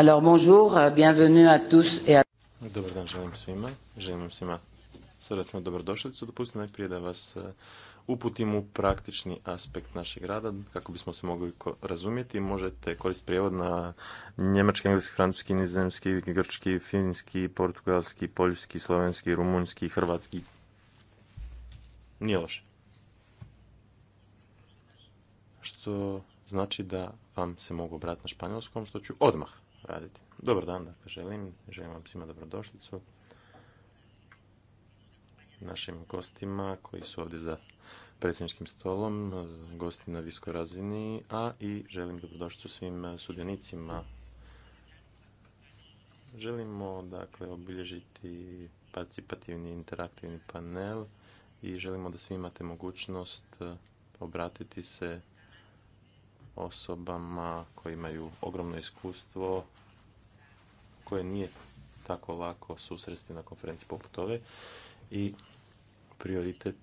Alors bonjour, euh, bienvenue à tous et à... Dobar dan želim svima, želim vam svima dobrodošlicu. Dopustite najprije da vas e, uputim u praktični aspekt našeg rada, kako bismo se mogli razumjeti. Možete koristiti prijevod na njemački, engleski, francuski, nizemski, grčki, finski, portugalski, poljski, slovenski, rumunski, hrvatski. Nije loše. Što znači da vam se mogu obrati na španjolskom, što ću odmah raditi. Dobar dan, dakle, želim. Želim vam svima dobrodošlicu. Našim gostima koji su ovdje za predsjedničkim stolom, gosti na viskoj razini, a i želim dobrodošlicu svim sudionicima. Želimo, dakle, obilježiti participativni interaktivni panel i želimo da svi imate mogućnost obratiti se osobama koji imaju ogromno iskustvo koje nije tako lako susresti na konferenciji poput ove i prioritet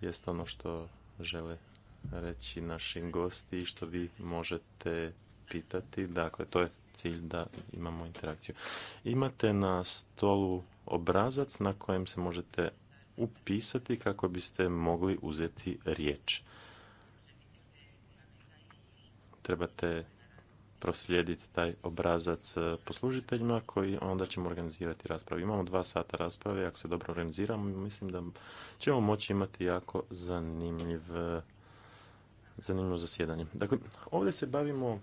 jest ono što žele reći našim gosti i što vi možete pitati. Dakle, to je cilj da imamo interakciju. Imate na stolu obrazac na kojem se možete upisati kako biste mogli uzeti riječ trebate proslijediti taj obrazac e, poslužiteljima koji onda ćemo organizirati raspravu. Imamo dva sata rasprave, ako se dobro organiziramo, mislim da ćemo moći imati jako zanimljiv, e, zanimljivo zasjedanje. Dakle, ovdje se bavimo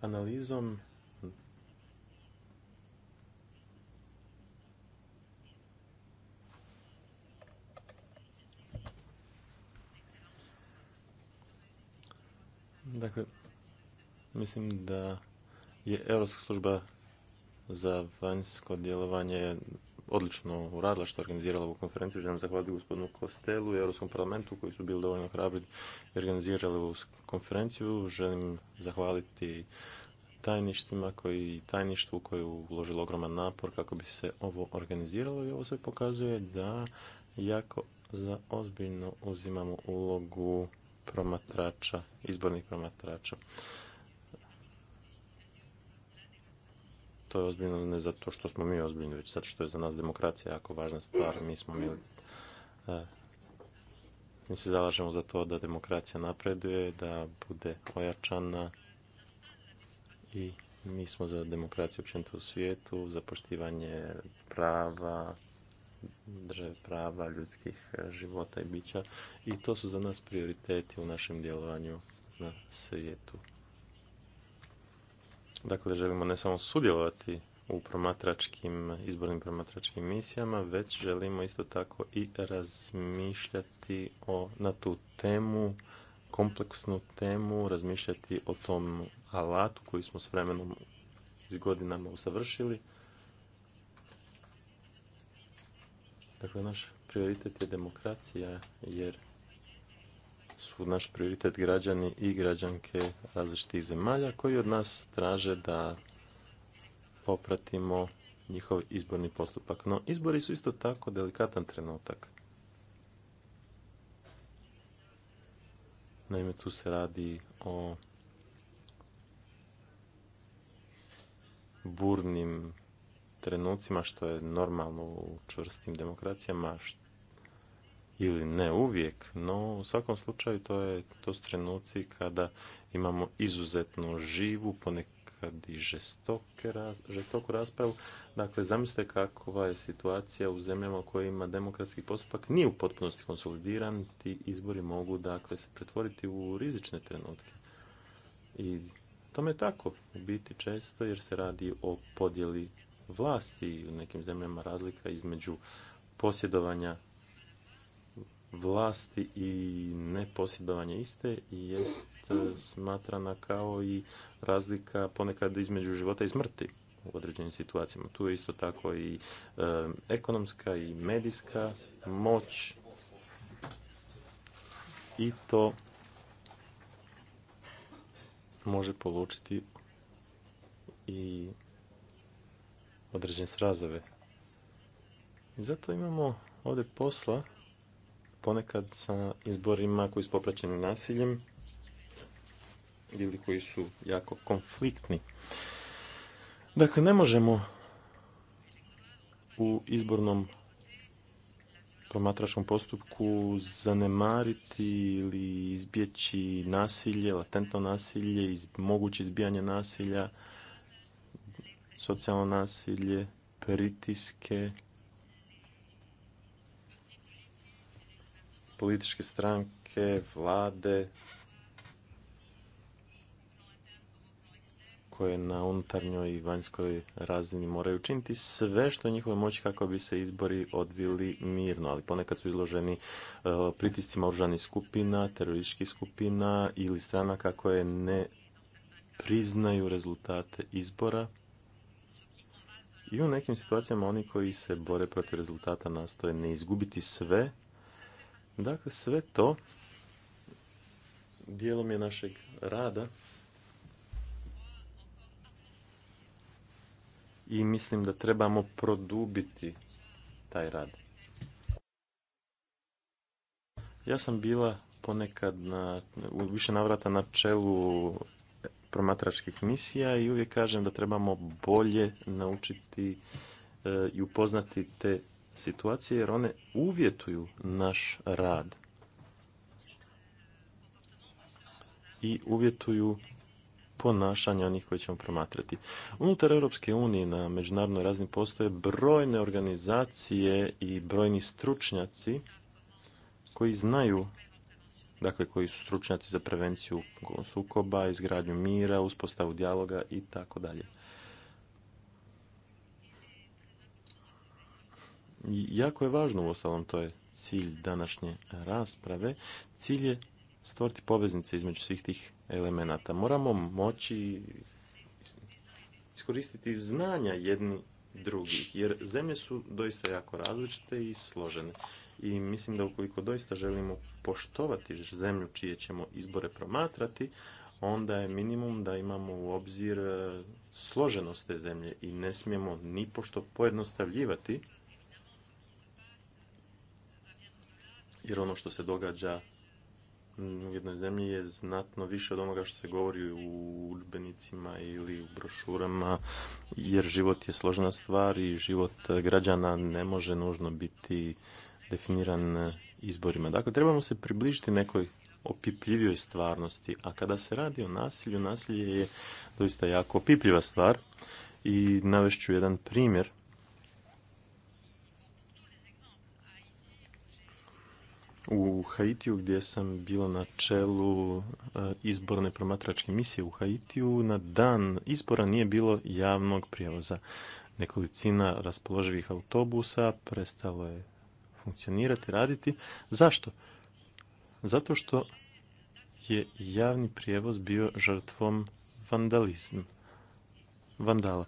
analizom Dakle, mislim da je Europska služba za vanjsko djelovanje odlično uradila što je organizirala ovu konferenciju. Želim zahvaliti gospodinu Kostelu i Europskom parlamentu koji su bili dovoljno hrabri i organizirali ovu konferenciju. Želim zahvaliti tajništima koji, tajništvu koje je uložilo ogroman napor kako bi se ovo organiziralo i ovo sve pokazuje da jako za ozbiljno uzimamo ulogu promatrača, izbornih promatrača. To je ozbiljno ne zato što smo mi ozbiljni, već zato što je za nas demokracija jako važna stvar. Mi smo mi, e, mi se zalažemo za to da demokracija napreduje, da bude ojačana i mi smo za demokraciju općenito u svijetu, za poštivanje prava, države prava ljudskih e, života i bića i to su za nas prioriteti u našem djelovanju na svijetu. Dakle, želimo ne samo sudjelovati u promatračkim, izbornim promatračkim misijama, već želimo isto tako i razmišljati o, na tu temu, kompleksnu temu, razmišljati o tom alatu koji smo s vremenom i godinama usavršili Dakle, naš prioritet je demokracija jer su naš prioritet građani i građanke različitih zemalja koji od nas traže da popratimo njihov izborni postupak. No, izbori su isto tako delikatan trenutak. Naime, tu se radi o burnim trenucima što je normalno u čvrstim demokracijama ili ne uvijek, no u svakom slučaju to, je, to su trenuci kada imamo izuzetno živu, ponekad i žestoke, žestoku raspravu. Dakle, zamislite kakva je situacija u zemljama u kojima demokratski postupak nije u potpunosti konsolidiran, ti izbori mogu dakle se pretvoriti u rizične trenutke. I tome je tako, u biti često jer se radi o podjeli vlasti u nekim zemljama razlika između posjedovanja vlasti i neposjedovanja iste jest e, smatrana kao i razlika ponekad između života i smrti u određenim situacijama. Tu je isto tako i e, ekonomska i medijska moć i to može polučiti i određene srazove. I zato imamo ovdje posla ponekad sa izborima koji su popraćeni nasiljem ili koji su jako konfliktni. Dakle, ne možemo u izbornom promatračkom postupku zanemariti ili izbjeći nasilje, latentno nasilje, moguće izbijanje nasilja socijalno nasilje, pritiske, političke stranke, vlade, koje na unutarnjoj i vanjskoj razini moraju učiniti sve što je njihove moći kako bi se izbori odvili mirno, ali ponekad su izloženi e, pritiscima oružanih skupina, terorističkih skupina ili stranaka koje ne priznaju rezultate izbora i u nekim situacijama oni koji se bore protiv rezultata nastoje ne izgubiti sve. Dakle, sve to dijelom je našeg rada. I mislim da trebamo produbiti taj rad. Ja sam bila ponekad na, u više navrata na čelu promatračkih misija i uvijek kažem da trebamo bolje naučiti e, i upoznati te situacije jer one uvjetuju naš rad i uvjetuju ponašanje onih koje ćemo promatrati. Unutar Europske unije na međunarodnoj razini postoje brojne organizacije i brojni stručnjaci koji znaju dakle koji su stručnjaci za prevenciju sukoba, izgradnju mira, uspostavu dijaloga i tako dalje. Jako je važno u to je cilj današnje rasprave. Cilj je stvoriti poveznice između svih tih elemenata. Moramo moći iskoristiti znanja jedni drugih, jer zemlje su doista jako različite i složene i mislim da ukoliko doista želimo poštovati zemlju čije ćemo izbore promatrati, onda je minimum da imamo u obzir e, složenost te zemlje i ne smijemo ni pošto pojednostavljivati jer ono što se događa u jednoj zemlji je znatno više od onoga što se govori u udžbenicima ili u brošurama, jer život je složena stvar i život građana ne može nužno biti definiran e, izborima. Dakle, trebamo se približiti nekoj opipljivijoj stvarnosti, a kada se radi o nasilju, nasilje je doista jako opipljiva stvar i navešću jedan primjer. U Haitiju gdje sam bila na čelu e, izborne promatračke misije u Haitiju, na dan izbora nije bilo javnog prijevoza. Nekolicina raspoloživih autobusa prestalo je funkcionirati, raditi. Zašto? Zato što je javni prijevoz bio žrtvom vandalizma, vandala.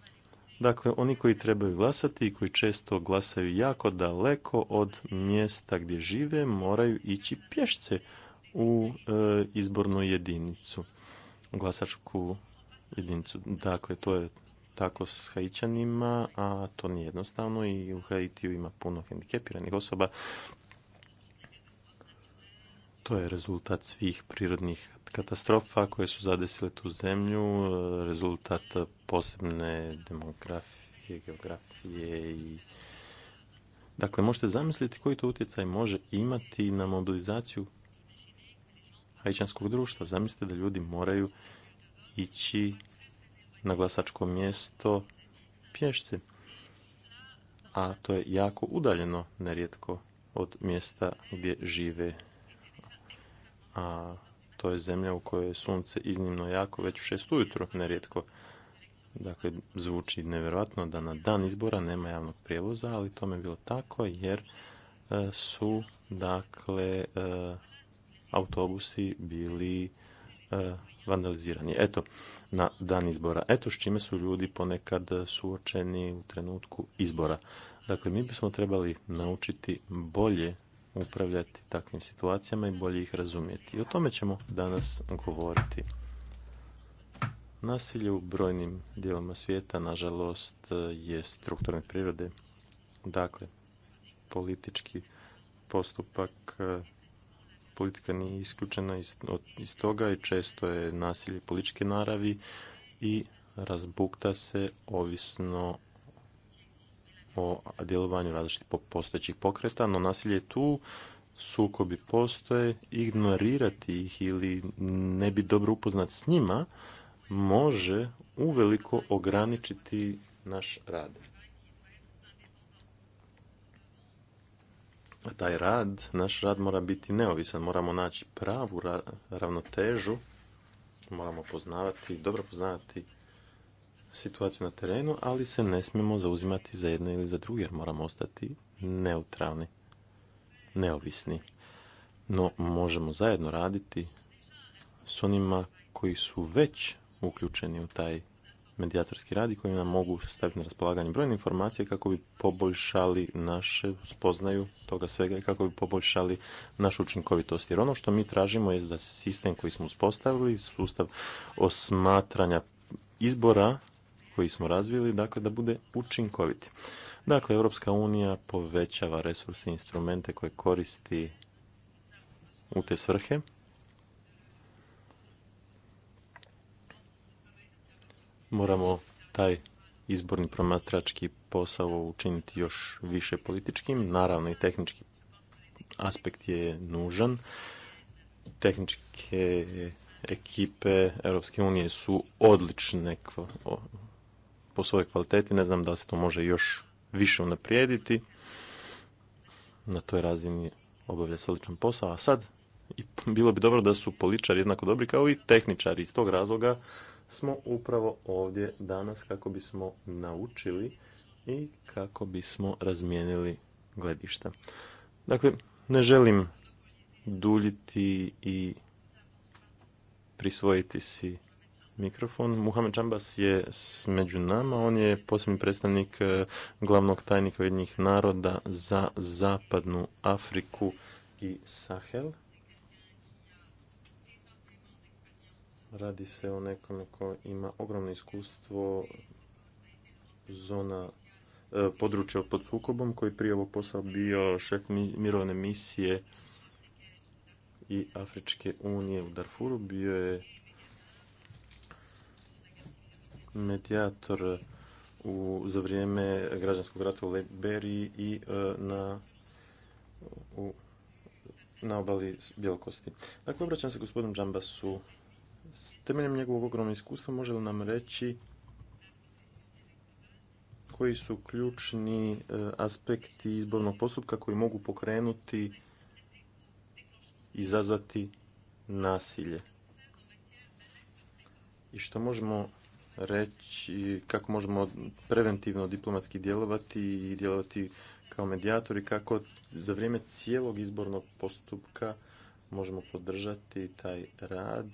Dakle, oni koji trebaju glasati i koji često glasaju jako daleko od mjesta gdje žive moraju ići pješce u e, izbornu jedinicu, glasačku jedinicu. Dakle, to je tako s Haitijanima, a to nije jednostavno i u Haitiju ima puno hendikepiranih osoba. To je rezultat svih prirodnih katastrofa koje su zadesile tu zemlju, rezultat posebne demografije, geografije i... Dakle, možete zamisliti koji to utjecaj može imati na mobilizaciju hajčanskog društva. Zamislite da ljudi moraju ići na glasačko mjesto pješci. A to je jako udaljeno nerijetko od mjesta gdje žive. A to je zemlja u kojoj je sunce iznimno jako, već u šest ujutro nerijetko. Dakle, zvuči nevjerojatno da na dan izbora nema javnog prijevoza, ali to je bilo tako jer e, su, dakle, e, autobusi bili e, vandalizirani. Eto, na dan izbora. Eto s čime su ljudi ponekad suočeni u trenutku izbora. Dakle, mi bismo trebali naučiti bolje upravljati takvim situacijama i bolje ih razumjeti. I o tome ćemo danas govoriti. Nasilje u brojnim dijelama svijeta, nažalost, je strukturne prirode. Dakle, politički postupak politika nije isključena iz toga i često je nasilje političke naravi i razbukta se ovisno o djelovanju različitih postojećih pokreta, no nasilje je tu, sukobi postoje, ignorirati ih ili ne bi dobro upoznat s njima može uveliko ograničiti naš rad. taj rad, naš rad mora biti neovisan, moramo naći pravu ravnotežu, moramo poznavati, dobro poznavati situaciju na terenu, ali se ne smijemo zauzimati za jedne ili za druge, jer moramo ostati neutralni, neovisni. No, možemo zajedno raditi s onima koji su već uključeni u taj medijatorski radi i koji nam mogu staviti na raspolaganje brojne informacije kako bi poboljšali naše spoznaju toga svega i kako bi poboljšali našu učinkovitost. Jer ono što mi tražimo je da sistem koji smo uspostavili, sustav osmatranja izbora koji smo razvili, dakle da bude učinkovit. Dakle, Europska unija povećava resurse i instrumente koje koristi u te svrhe moramo taj izborni promatrački posao učiniti još više političkim. Naravno i tehnički aspekt je nužan. Tehničke ekipe Europske unije su odlične po svojoj kvaliteti. Ne znam da se to može još više unaprijediti. Na toj razini obavlja se odličan posao. A sad bilo bi dobro da su političari jednako dobri kao i tehničari. Iz tog razloga smo upravo ovdje danas kako bismo naučili i kako bismo razmijenili gledišta. Dakle, ne želim duljiti i prisvojiti si mikrofon. Muhammed Čambas je među nama, on je posebni predstavnik e, glavnog tajnika Ujedinjenih naroda za zapadnu Afriku i Sahel. Radi se o nekom ko ima ogromno iskustvo zona e, područja pod sukobom koji prije ovog posla bio šef mirovne misije i Afričke unije u Darfuru. Bio je medijator u, za vrijeme građanskog rata u Liberiji i e, na, na obali Bjelokosti. Dakle, obraćam se gospodinu Džambasu s temeljem njegovog ogromnog iskustva može li nam reći koji su ključni e, aspekti izbornog postupka koji mogu pokrenuti i izazvati nasilje? I što možemo reći, kako možemo preventivno diplomatski djelovati i djelovati kao medijatori, kako za vrijeme cijelog izbornog postupka možemo podržati taj rad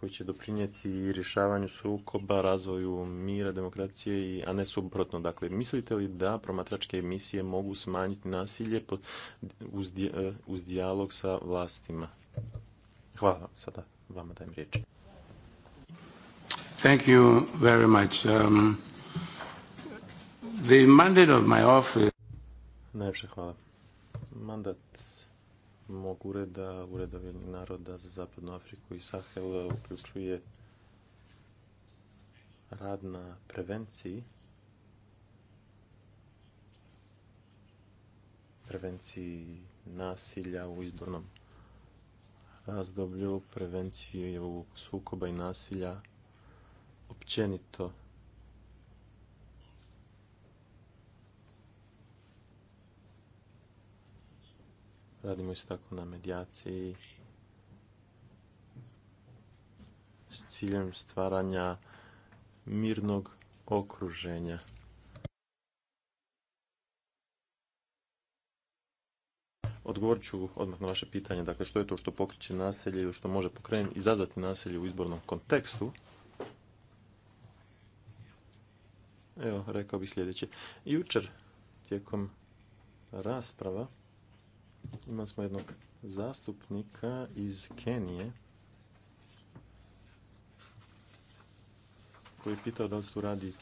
koji će doprinijeti rješavanju sukoba, razvoju mira, demokracije, a ne suprotno. Dakle, mislite li da promatračke emisije mogu smanjiti nasilje e, uz, dijalog sa vlastima? Hvala sada vama dajem riječ. Thank you very much. Um, the mandate of my office... hvala. Mandat mog ureda, ureda naroda za Zapadnu Afriku i Sahel e, uključuje rad na prevenciji prevenciji nasilja u izbornom razdoblju, prevenciju sukoba i nasilja općenito Radimo isto tako na medijaciji s ciljem stvaranja mirnog okruženja. Odgovorit ću odmah na vaše pitanje, dakle što je to što pokriče naselje ili što može pokrenuti, izazvati naselje u izbornom kontekstu. Evo, rekao bih sljedeće. Jučer, tijekom rasprava, Imali smo jednog zastupnika iz Kenije koji je pitao da li se tu radi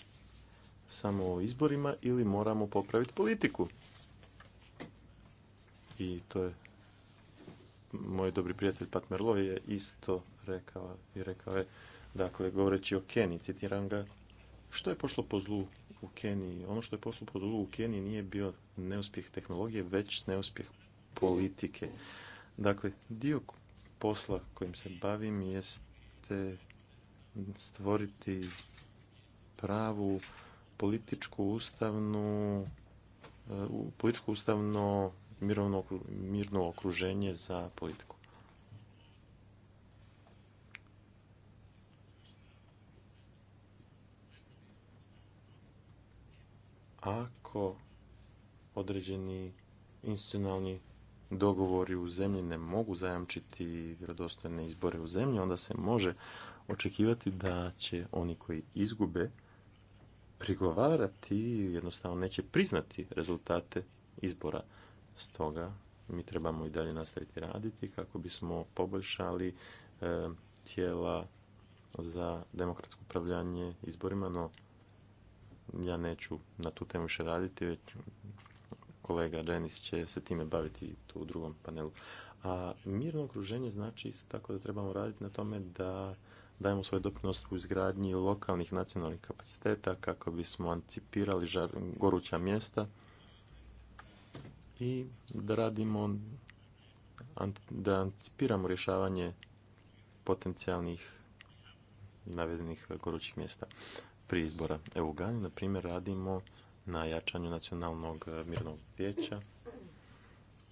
samo o izborima ili moramo popraviti politiku. I to je moj dobri prijatelj Pat Merlo je isto rekao i rekao je, dakle, govoreći o Keniji, citiram ga, što je pošlo po zlu u Keniji? Ono što je pošlo po zlu u Keniji nije bio neuspjeh tehnologije, već neuspjeh politike. Dakle, dio posla kojim se bavim jeste stvoriti pravu političku ustavnu e, političko ustavno mirno okruženje za politiku. Ako određeni institucionalni dogovori u zemlji ne mogu zajamčiti vjerodostojne izbore u zemlji, onda se može očekivati da će oni koji izgube prigovarati i jednostavno neće priznati rezultate izbora. Stoga mi trebamo i dalje nastaviti raditi kako bismo poboljšali e, tijela za demokratsko upravljanje izborima, no ja neću na tu temu više raditi, već kolega Denis će se time baviti tu u drugom panelu. A mirno okruženje znači isto tako da trebamo raditi na tome da dajemo svoj doprinos u izgradnji lokalnih nacionalnih kapaciteta kako bismo anticipirali žar, goruća mjesta i da radimo da anticipiramo rješavanje potencijalnih navedenih gorućih mjesta pri izbora. Evo u Gani, na primjer, radimo na jačanju nacionalnog e, mirnog vijeća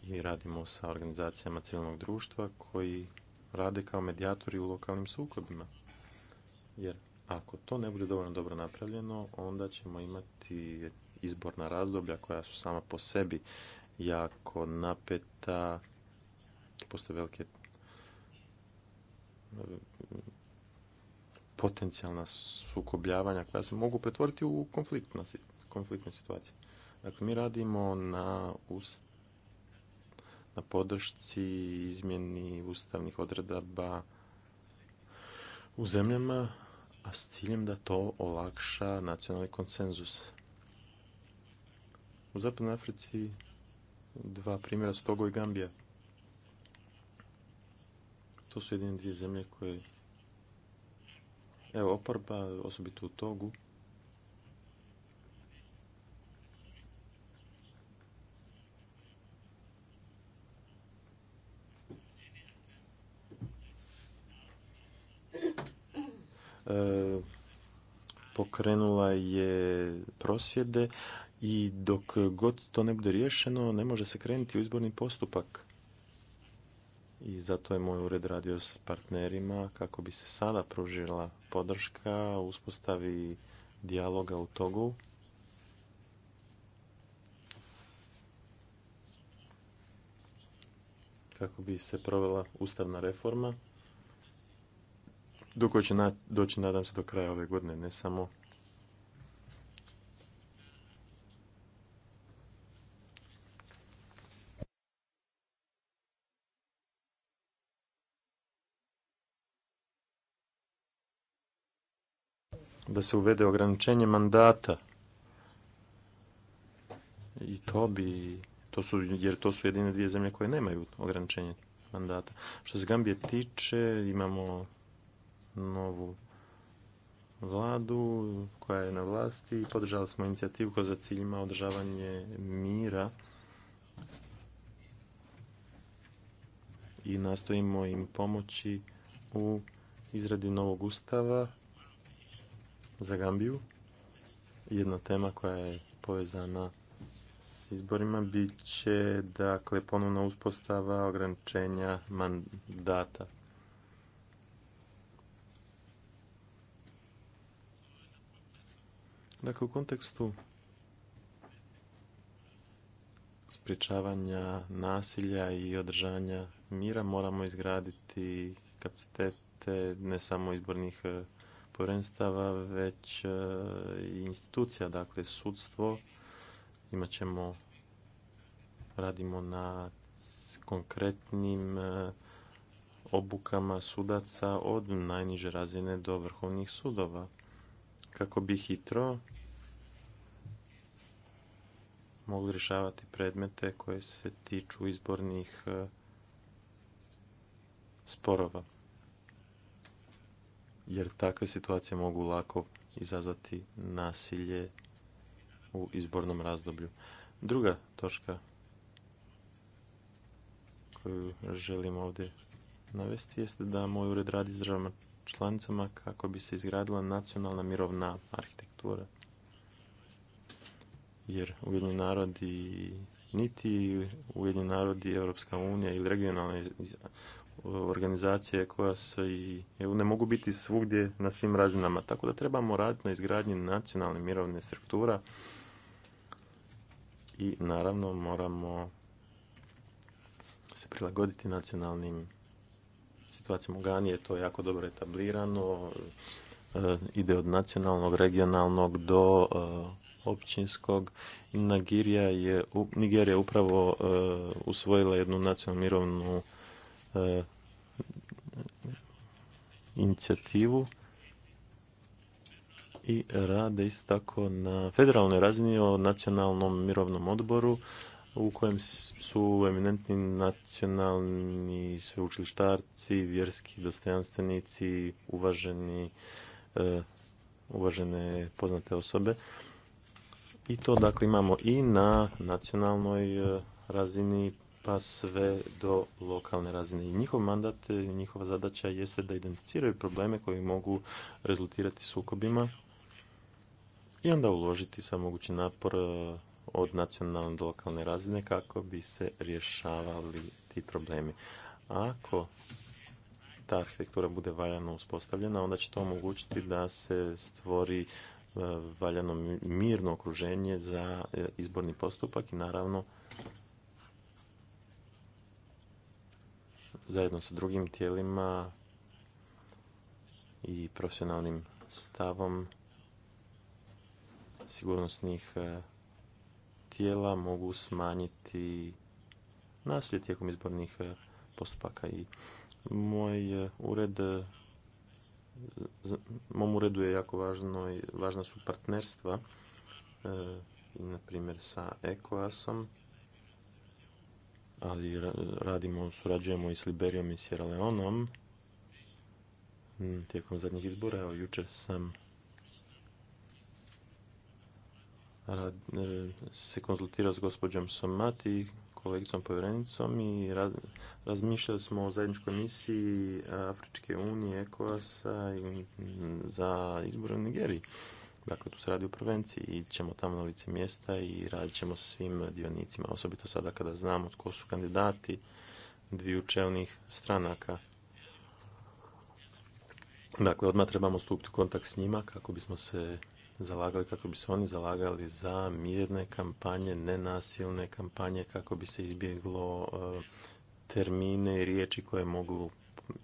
i radimo sa organizacijama civilnog društva koji rade kao medijatori u lokalnim sukobima. Jer ako to ne bude dovoljno dobro napravljeno, onda ćemo imati izborna razdoblja koja su sama po sebi jako napeta, postoje velike potencijalna sukobljavanja koja se mogu pretvoriti u konflikt konfliktnoj situaciji. Dakle, mi radimo na, ust, na podršci izmjeni ustavnih odredaba u zemljama, a s ciljem da to olakša nacionalni konsenzus. U Zapadnoj Africi dva primjera su Togo i Gambija. To su jedine dvije zemlje koje... Evo, oporba, osobito u Togu, E, pokrenula je prosvjede i dok god to ne bude riješeno ne može se krenuti u izborni postupak. I zato je moj ured radio s partnerima kako bi se sada pružila podrška uspostavi dijaloga u Togu. Kako bi se provela ustavna reforma do koje će doći, nadam se, do kraja ove godine, ne samo da se uvede ograničenje mandata. I to bi, to su, jer to su jedine dvije zemlje koje nemaju ograničenje mandata. Što se Gambije tiče, imamo novu vladu koja je na vlasti i podržali smo inicijativu koja za cilj ima održavanje mira i nastojimo im pomoći u izradi novog ustava za Gambiju. Jedna tema koja je povezana s izborima bit će dakle ponovna uspostava ograničenja mandata. Dakle, u kontekstu sprječavanja nasilja i održanja mira moramo izgraditi kapacitete ne samo izbornih e, povjerenstava, već e, i institucija, dakle sudstvo. Imat ćemo, radimo na konkretnim e, obukama sudaca od najniže razine do vrhovnih sudova kako bi hitro mogli rješavati predmete koje se tiču izbornih e, sporova. Jer takve situacije mogu lako izazvati nasilje u izbornom razdoblju. Druga točka koju želim ovdje navesti jeste da moj ured radi s državama članicama kako bi se izgradila nacionalna mirovna arhitektura. Jer Ujedinjeni narodi niti Ujedinjeni narodi Europska unija ili regionalne organizacije koja se i ne mogu biti svugdje na svim razinama. Tako da trebamo raditi na izgradnji nacionalne mirovne struktura i naravno moramo se prilagoditi nacionalnim situacijom u Gani je to jako dobro etablirano, eh, ide od nacionalnog, regionalnog do eh, općinskog. Nigerija je, Nigerija upravo eh, usvojila jednu nacionalnu mirovnu inicijativu i rade isto tako na federalnoj razini o nacionalnom mirovnom odboru u kojem su eminentni nacionalni sveučilištarci, vjerski dostojanstvenici, uvaženi, e, uvažene poznate osobe. I to dakle imamo i na nacionalnoj e, razini pa sve do lokalne razine. I njihov mandat, e, njihova zadaća jeste da identificiraju probleme koji mogu rezultirati sukobima i onda uložiti sa mogući napor od nacionalne do lokalne razine kako bi se rješavali ti problemi. Ako ta arhitektura bude valjano uspostavljena, onda će to omogućiti da se stvori e, valjano mirno okruženje za e, izborni postupak i naravno zajedno sa drugim tijelima i profesionalnim stavom sigurnosnih e, tijela mogu smanjiti nasilje tijekom izbornih e, postupaka i moj e, ured e, mom uredu je jako važno važna su partnerstva i na primjer sa ecoas ali radimo, surađujemo i s Liberijom i Sierra Leoneom hm, tijekom zadnjih izbora. Evo, jučer sam rad, e, se konzultirao s gospođom Somati, kolegicom povjerenicom i razmišljali smo o zajedničkoj misiji Afričke unije, Ekoasa a za izbor u Nigeriji. Dakle, tu se radi o prevenciji. ćemo tamo na lice mjesta i radit ćemo svim dionicima, osobito sada kada znamo tko su kandidati dviju čelnih stranaka. Dakle, odmah trebamo stupiti u kontakt s njima kako bismo se zalagali, kako bi se oni zalagali za mirne kampanje, nenasilne kampanje, kako bi se izbjeglo e, termine i riječi koje mogu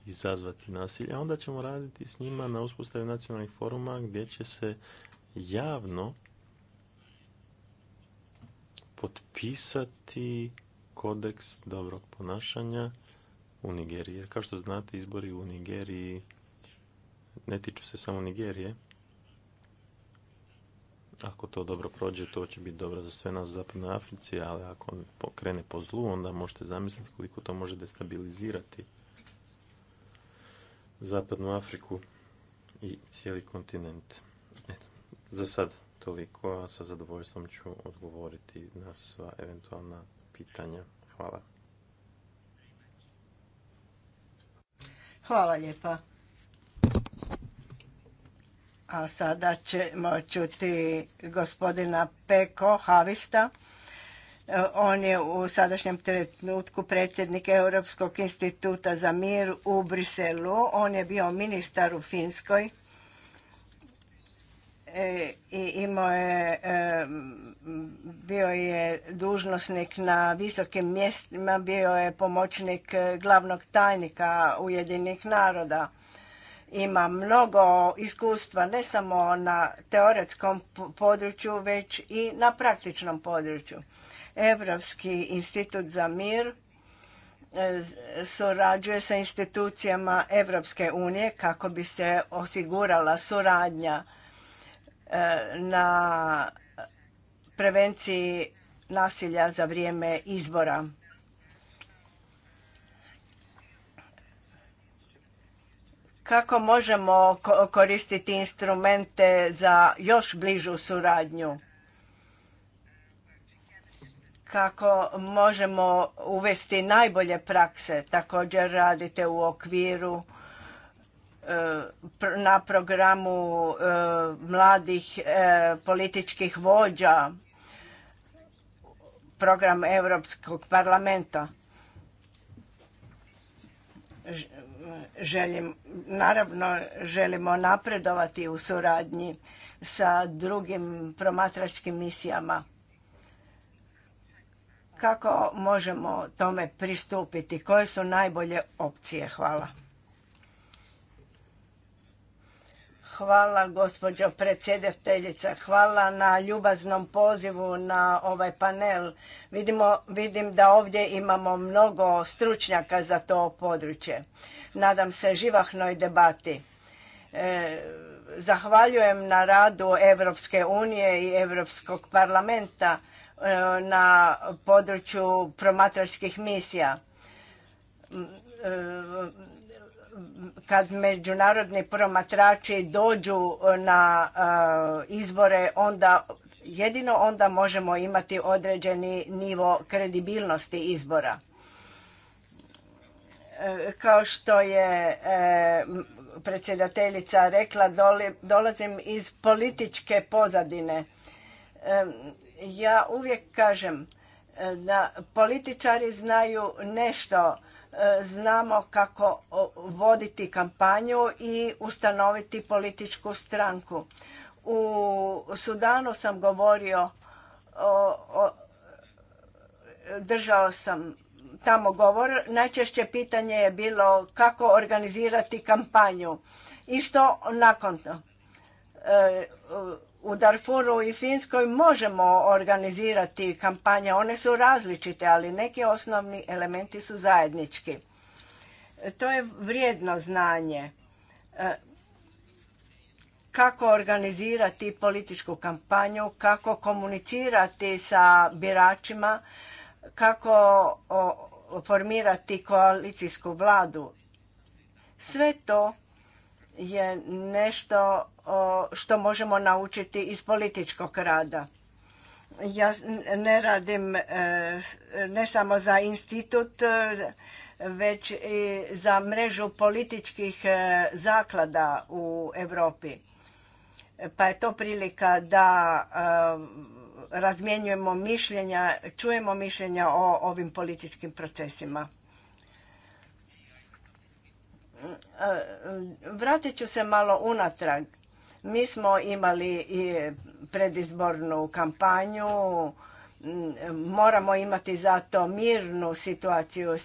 izazvati nasilje. onda ćemo raditi s njima na uspostavi nacionalnih foruma gdje će se javno potpisati kodeks dobrog ponašanja u Nigeriji. Jer kao što znate, izbori u Nigeriji ne tiču se samo Nigerije, ako to dobro prođe, to će biti dobro za sve nas u Zapadnoj Africi, ali ako on pokrene po zlu, onda možete zamisliti koliko to može destabilizirati Zapadnu Afriku i cijeli kontinent. Eto, za sad toliko, a sa zadovoljstvom ću odgovoriti na sva eventualna pitanja. Hvala. Hvala lijepa. A sada ćemo čuti gospodina Peko Havista. E, on je u sadašnjem trenutku predsjednik Europskog instituta za mir u Briselu. On je bio ministar u Finskoj e, i imao je, e, bio je dužnosnik na visokim mjestima, bio je pomoćnik glavnog tajnika Ujedinih naroda ima mnogo iskustva ne samo na teoretskom području već i na praktičnom području. Europski institut za mir e, surađuje sa institucijama Europske unije kako bi se osigurala suradnja e, na prevenciji nasilja za vrijeme izbora. kako možemo koristiti instrumente za još bližu suradnju kako možemo uvesti najbolje prakse također radite u okviru e, na programu e, mladih e, političkih vođa program Europskog parlamenta želim, naravno želimo napredovati u suradnji sa drugim promatračkim misijama. Kako možemo tome pristupiti? Koje su najbolje opcije? Hvala. Hvala gospođo predsjedateljica, hvala na ljubaznom pozivu na ovaj panel. vidim da ovdje imamo mnogo stručnjaka za to područje nadam se živahnoj debati. E, zahvaljujem na radu Europske unije i Europskog parlamenta e, na području promatračkih misija. E, kad međunarodni promatrači dođu na izbore, onda jedino onda možemo imati određeni nivo kredibilnosti izbora. E, kao što je e, predsjedateljica rekla, dolazim iz političke pozadine. E, ja uvijek kažem da političari znaju nešto, znamo kako voditi kampanju i ustanoviti političku stranku. U Sudanu sam govorio, držao sam tamo govor, najčešće pitanje je bilo kako organizirati kampanju i što nakon to. E, u Darfuru i Finskoj možemo organizirati kampanje, one su različite, ali neki osnovni elementi su zajednički. E, to je vrijedno znanje. E, kako organizirati političku kampanju, kako komunicirati sa biračima, kako o, formirati koalicijsku vladu. Sve to je nešto što možemo naučiti iz političkog rada. Ja ne radim e, ne samo za institut, e, već i za mrežu političkih e, zaklada u Europi. Pa je to prilika da razmjenjujemo mišljenja, čujemo mišljenja o ovim političkim procesima. Vratit ću se malo unatrag. Mi smo imali i predizbornu kampanju, moramo imati zato mirnu situaciju.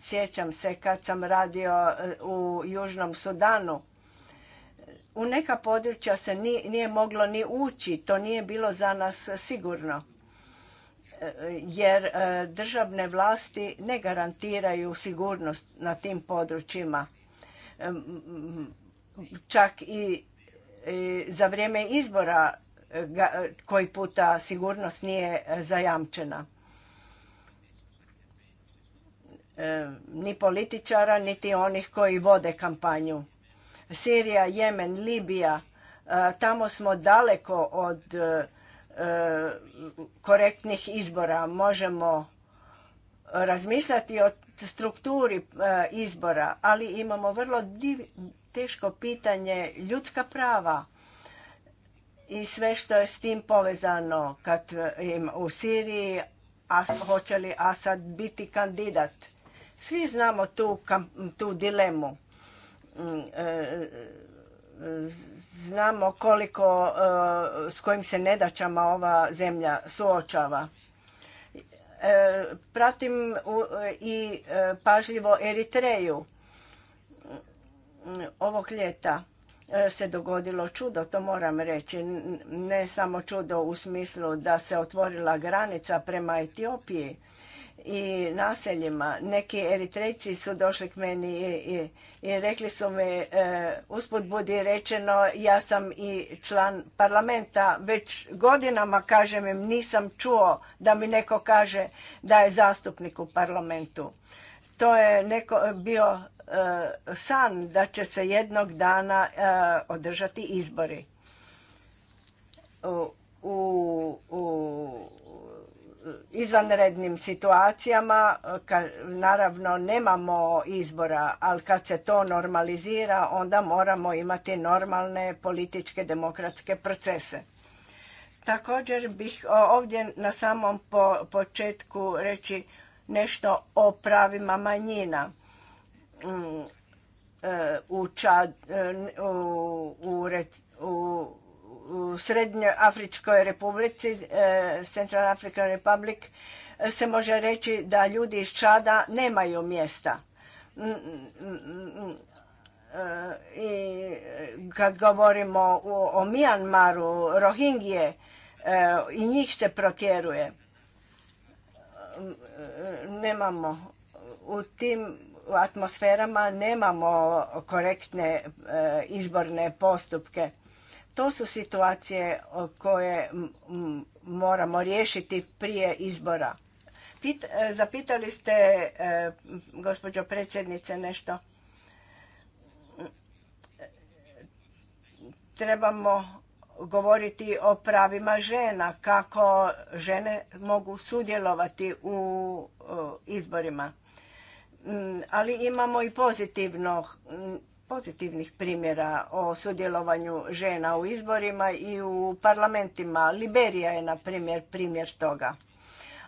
Sjećam se kad sam radio e, u Južnom Sudanu, u neka područja se nije, moglo ni ući, to nije bilo za nas sigurno e, jer e, državne vlasti ne garantiraju sigurnost na tim područjima. E, čak i za vrijeme izbora koji puta sigurnost nije zajamčena. Ni političara, niti onih koji vode kampanju. Sirija, Jemen, Libija, e, tamo smo daleko od e, e, korektnih izbora. Možemo razmišljati o strukturi izbora, ali imamo vrlo teško pitanje ljudska prava i sve što je s tim povezano kad im u Siriji hoće li Asad biti kandidat. Svi znamo tu dilemu znamo koliko e, s kojim se nedaćama ova zemlja suočava. E, pratim i e, pažljivo Eritreju. Ovog ljeta se dogodilo čudo, to moram reći. Ne samo čudo u smislu da se otvorila granica prema Etiopiji, i naseljima. Neki eritrejci su došli k meni i, i, rekli su mi e, usput budi rečeno ja sam i član parlamenta već godinama kažem im nisam čuo da mi neko kaže da je zastupnik u parlamentu. To je neko bio e, san da će se jednog dana e, održati izbori. u, u izvanrednim situacijama, naravno nemamo izbora, ali kad se to normalizira onda moramo imati normalne političke demokratske procese. Također bih ovdje na samom početku reći nešto o pravima manjina. Mm, e, e, u, u u Srednjoj Afričkoj republici, e, Central African Republic, e, se može reći da ljudi iz Čada nemaju mjesta. Mm, mm, mm, e, I kad govorimo o, o Mijanmaru, Rohingije, i njih se protjeruje. Nemamo u tim atmosferama nemamo korektne izborne postupke to su situacije koje moramo riješiti prije izbora. E, zapitali ste, e, gospođo predsjednice, nešto. Trebamo govoriti o pravima žena, kako žene mogu sudjelovati u izborima. Mm, ali imamo i pozitivno pozitivnih primjera o sudjelovanju žena u izborima i u parlamentima. Liberija je, na primjer, primjer toga.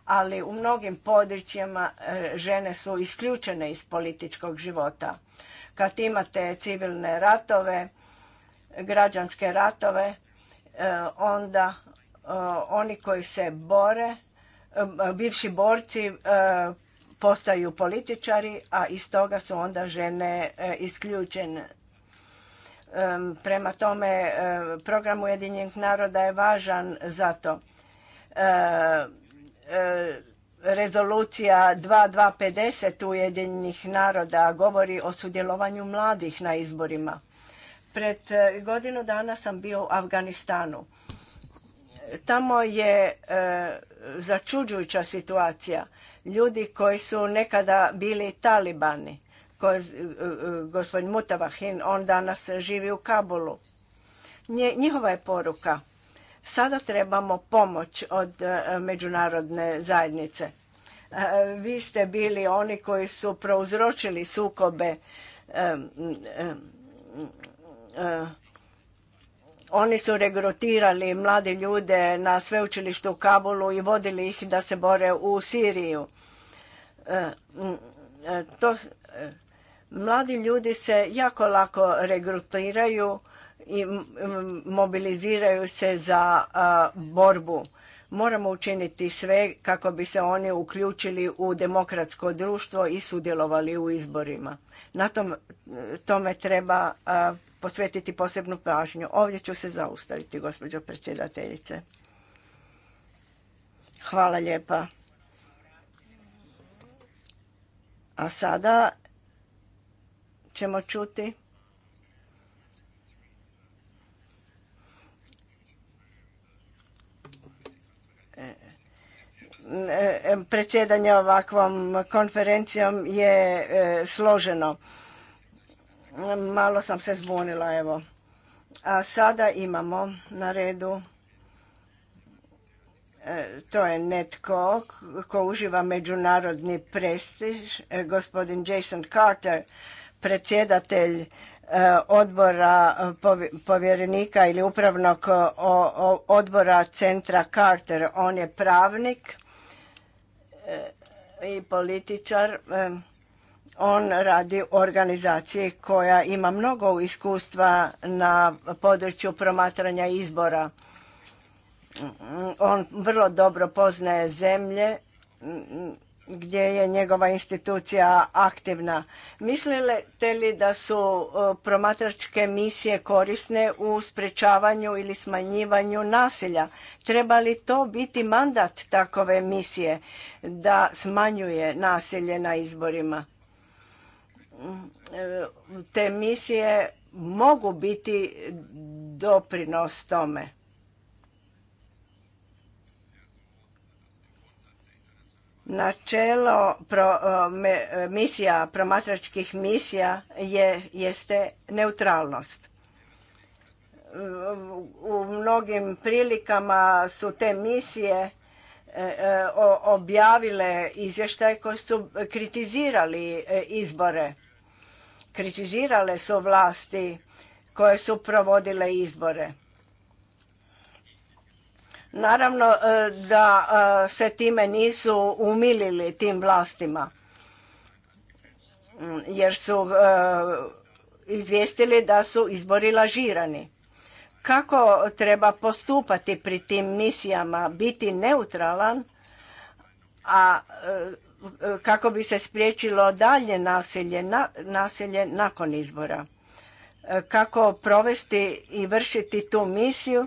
Ali u mnogim područjima e, žene su isključene iz političkog života. Kad imate civilne ratove, građanske ratove, e, onda e, oni koji se bore, bivši borci postaju političari, a iz toga su onda žene e, isključene. E, prema tome, e, program Ujedinjenih naroda je važan za to. Rezolucija 2250 Ujedinjenih naroda govori o sudjelovanju mladih na izborima. Pred godinu dana sam bio u Afganistanu. Tamo je začuđujuća situacija ljudi koji su nekada bili talibani. Koji, eh, eh, gospodin Mutavahin, on danas živi u Kabulu. Njihova je poruka. Sada trebamo pomoć od eh, međunarodne zajednice. Vi ste bili oni koji su prouzročili sukobe oni su regrutirali mlade ljude na sveučilištu u Kabulu i vodili ih da se bore u Siriju. E, e, to, e, mladi ljudi se jako lako regrutiraju i mobiliziraju se za borbu. Moramo učiniti sve kako bi se oni uključili u demokratsko društvo i sudjelovali u izborima. Na tome treba posvetiti posebnu pažnju. Ovdje ću se zaustaviti, gospođo predsjedateljice. Hvala lijepa. A sada ćemo čuti predsjedanje ovakvom konferencijom je e, složeno. Malo sam se zvonila, evo. A sada imamo na redu e, to je netko ko uživa međunarodni prestiž, e, gospodin Jason Carter, predsjedatelj e, odbora povjerenika ili upravnog odbora centra Carter. On je pravnik i političar on radi organizaciji koja ima mnogo iskustva na području promatranja izbora. On vrlo dobro poznaje zemlje gdje je njegova institucija aktivna. Mislite li da su promatračke misije korisne u sprečavanju ili smanjivanju nasilja? Treba li to biti mandat takove misije da smanjuje nasilje na izborima? te misije mogu biti doprinos tome. Načelo pro, misija, promatračkih misija je, jeste neutralnost. U mnogim prilikama su te misije e, e, objavile izvještaje koji su kritizirali e, izbore kritizirale su vlasti koje su provodile izbore. Naravno e, da e, se time nisu umilili tim vlastima mm, jer su e, izvijestili da su izbori lažirani. Kako treba postupati pri tim misijama, biti neutralan, a kako bi se spriječilo dalje nasilje, na, nakon izbora. E, kako provesti i vršiti tu misiju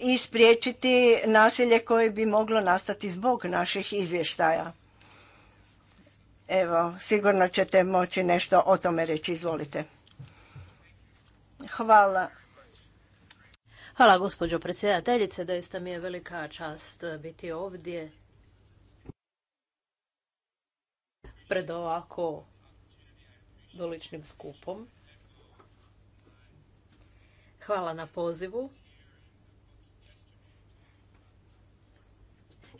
i spriječiti nasilje koje bi moglo nastati zbog naših izvještaja. Evo, sigurno ćete moći nešto o tome reći. Izvolite. Hvala. Hvala gospođo predsjedateljice, doista mi je velika čast biti ovdje pred ovako doličnim skupom. Hvala na pozivu.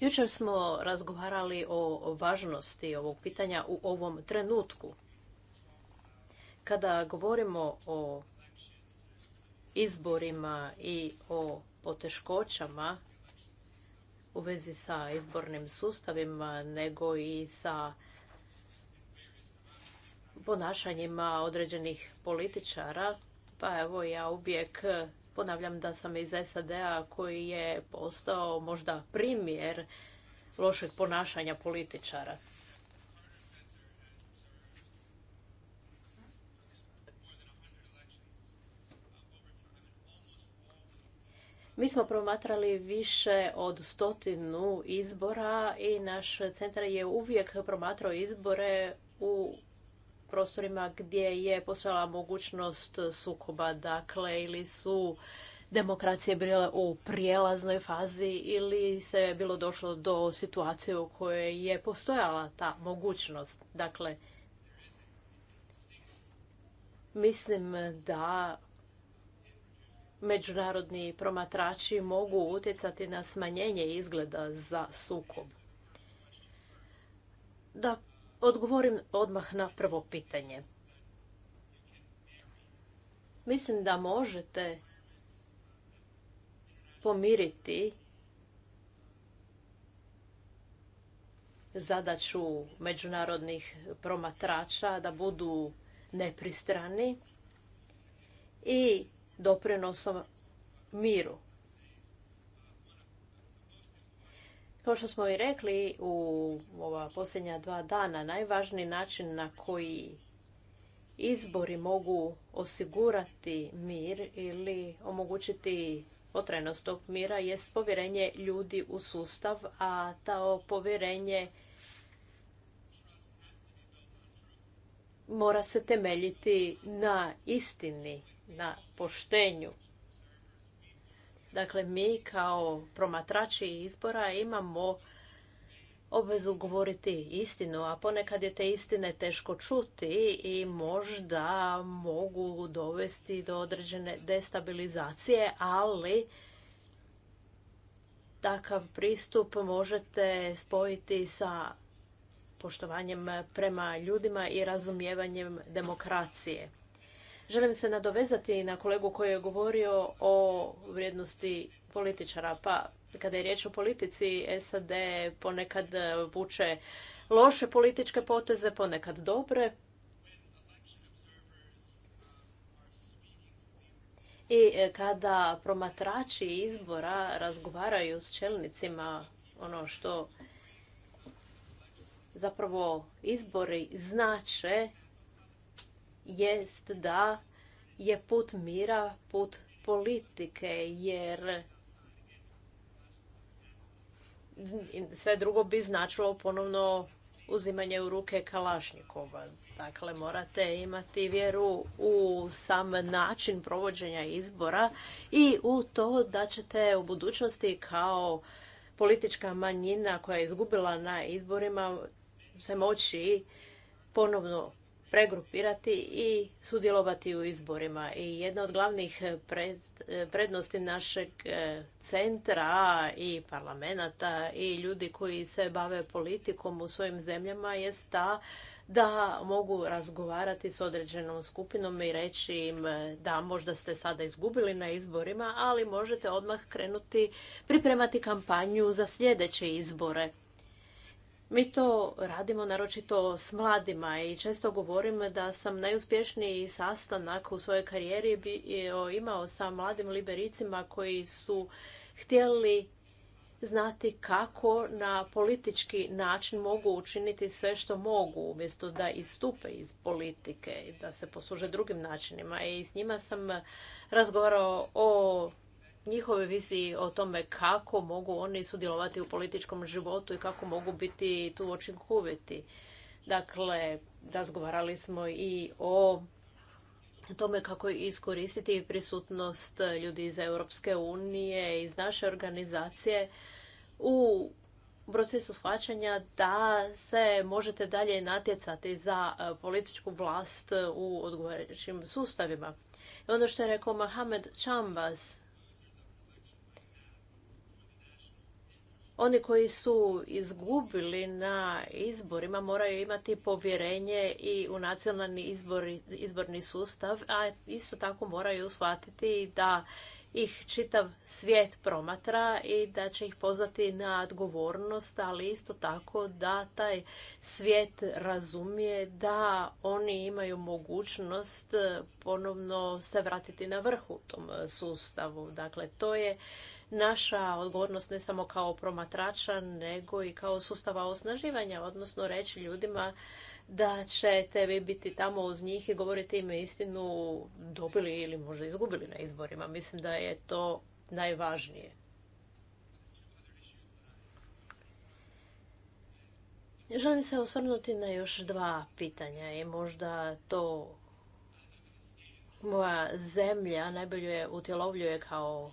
Jučer smo razgovarali o važnosti ovog pitanja u ovom trenutku. Kada govorimo o izborima i o poteškoćama u vezi sa izbornim sustavima, nego i sa ponašanjima određenih političara. Pa evo ja uvijek eh, ponavljam da sam iz SAD-a koji je postao možda primjer lošeg ponašanja političara. Mi smo promatrali više od stotinu izbora i naš centar je uvijek promatrao izbore u prostorima gdje je postojala mogućnost sukoba, dakle, ili su demokracije bile u prijelaznoj fazi ili se je bilo došlo do situacije u kojoj je postojala ta mogućnost. Dakle, mislim da međunarodni promatrači mogu utjecati na smanjenje izgleda za sukob. Da, odgovorim odmah na prvo pitanje. Mislim da možete pomiriti zadaću međunarodnih promatrača da budu nepristrani i doprinosom miru. To što smo i rekli u ova posljednja dva dana, najvažniji način na koji izbori mogu osigurati mir ili omogućiti potrajnost tog mira jest povjerenje ljudi u sustav, a to povjerenje mora se temeljiti na istini, na poštenju. Dakle, mi kao promatrači izbora imamo obvezu govoriti istinu, a ponekad je te istine teško čuti i možda mogu dovesti do određene destabilizacije, ali takav pristup možete spojiti sa poštovanjem prema ljudima i razumijevanjem demokracije. Želim se nadovezati na kolegu koji je govorio o vrijednosti političara. Pa kada je riječ o politici, SAD ponekad e, vuče loše političke poteze, ponekad dobre. I e, kada promatrači izbora razgovaraju s čelnicima ono što zapravo izbori znače jest da je put mira put politike jer sve drugo bi značilo ponovno uzimanje u ruke kalašnjikova. Dakle, morate imati vjeru u sam način provođenja izbora i u to da ćete u budućnosti kao politička manjina koja je izgubila na izborima se moći ponovno pregrupirati i sudjelovati u izborima. I jedna od glavnih prednosti našeg e, centra i parlamenta i ljudi koji se bave politikom u svojim zemljama je ta da mogu razgovarati s određenom skupinom i reći im e, da možda ste sada izgubili na izborima, ali možete odmah krenuti pripremati kampanju za sljedeće izbore. Mi to radimo naročito s mladima i često govorim da sam najuspješniji sastanak u svojoj karijeri e, imao sa mladim libericima koji su htjeli znati kako na politički način mogu učiniti sve što mogu umjesto da istupe iz politike i da se posluže drugim načinima. I s njima sam razgovarao o njihovoj vizi o tome kako mogu oni sudjelovati u političkom životu i kako mogu biti tu očinkoviti. Dakle, razgovarali smo i o tome kako iskoristiti prisutnost ljudi iz Europske unije, iz naše organizacije u procesu shvaćanja da se možete dalje natjecati za e, političku vlast u odgovarajućim sustavima. ono što je rekao Mohamed Chambas, oni koji su izgubili na izborima moraju imati povjerenje i u nacionalni izborni sustav, a isto tako moraju shvatiti da ih čitav svijet promatra i da će ih pozvati na odgovornost, ali isto tako da taj svijet razumije da oni imaju mogućnost ponovno se vratiti na vrhu tom sustavu. Dakle, to je naša odgovornost ne samo kao promatrača, nego i kao sustava osnaživanja, odnosno reći ljudima da ćete vi biti tamo uz njih i govoriti im istinu dobili ili možda izgubili na izborima. Mislim da je to najvažnije. Želim se osvrnuti na još dva pitanja i možda to moja zemlja najbolje utjelovljuje kao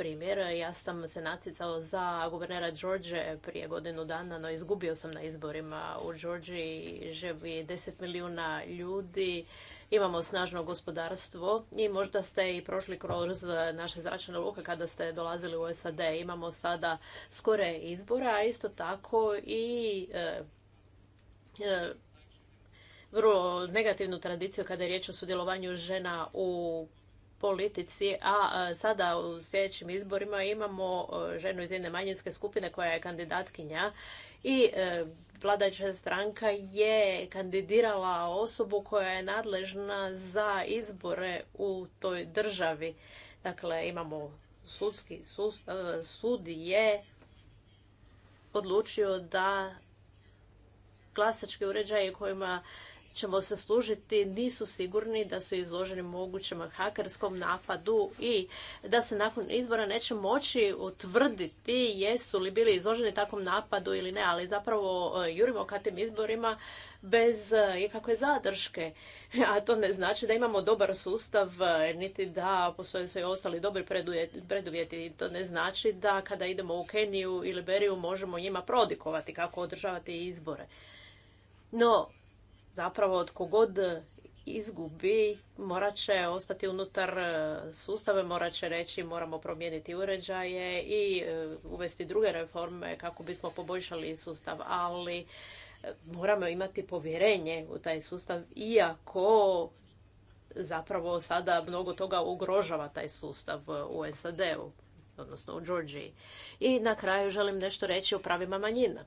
primjer. Ja sam se natjecao za guvernera George prije godinu dana, no izgubio sam na izborima u Georgiji. Živi 10 milijuna ljudi, imamo snažno gospodarstvo i možda ste i prošli kroz naše zračne luke kada ste dolazili u SAD. Imamo sada skore izbora, a isto tako i e, e, vrlo negativnu tradiciju kada je riječ o sudjelovanju žena u politici, a e, sada u sljedećim izborima imamo e, ženu iz jedne manjinske skupine koja je kandidatkinja i e, vladajuća stranka je kandidirala osobu koja je nadležna za izbore u toj državi. Dakle, imamo sudski sustav, sud je odlučio da glasački uređaji kojima ćemo se služiti nisu sigurni da su izloženi mogućem hakerskom napadu i da se nakon izbora neće moći utvrditi jesu li bili izloženi takvom napadu ili ne, ali zapravo e, jurimo ka tim izborima bez e, ikakve zadrške. A to ne znači da imamo dobar sustav, e, niti da postoje sve ostali dobri preduvjeti. To ne znači da kada idemo u Keniju i Liberiju možemo njima prodikovati kako održavati izbore. No, zapravo od kogod izgubi morat će ostati unutar e, sustave, morat će reći moramo promijeniti uređaje i e, uvesti druge reforme kako bismo poboljšali sustav, ali e, moramo imati povjerenje u taj sustav iako zapravo sada mnogo toga ugrožava taj sustav u SAD-u, odnosno u Georgiji. I na kraju želim nešto reći o pravima manjina.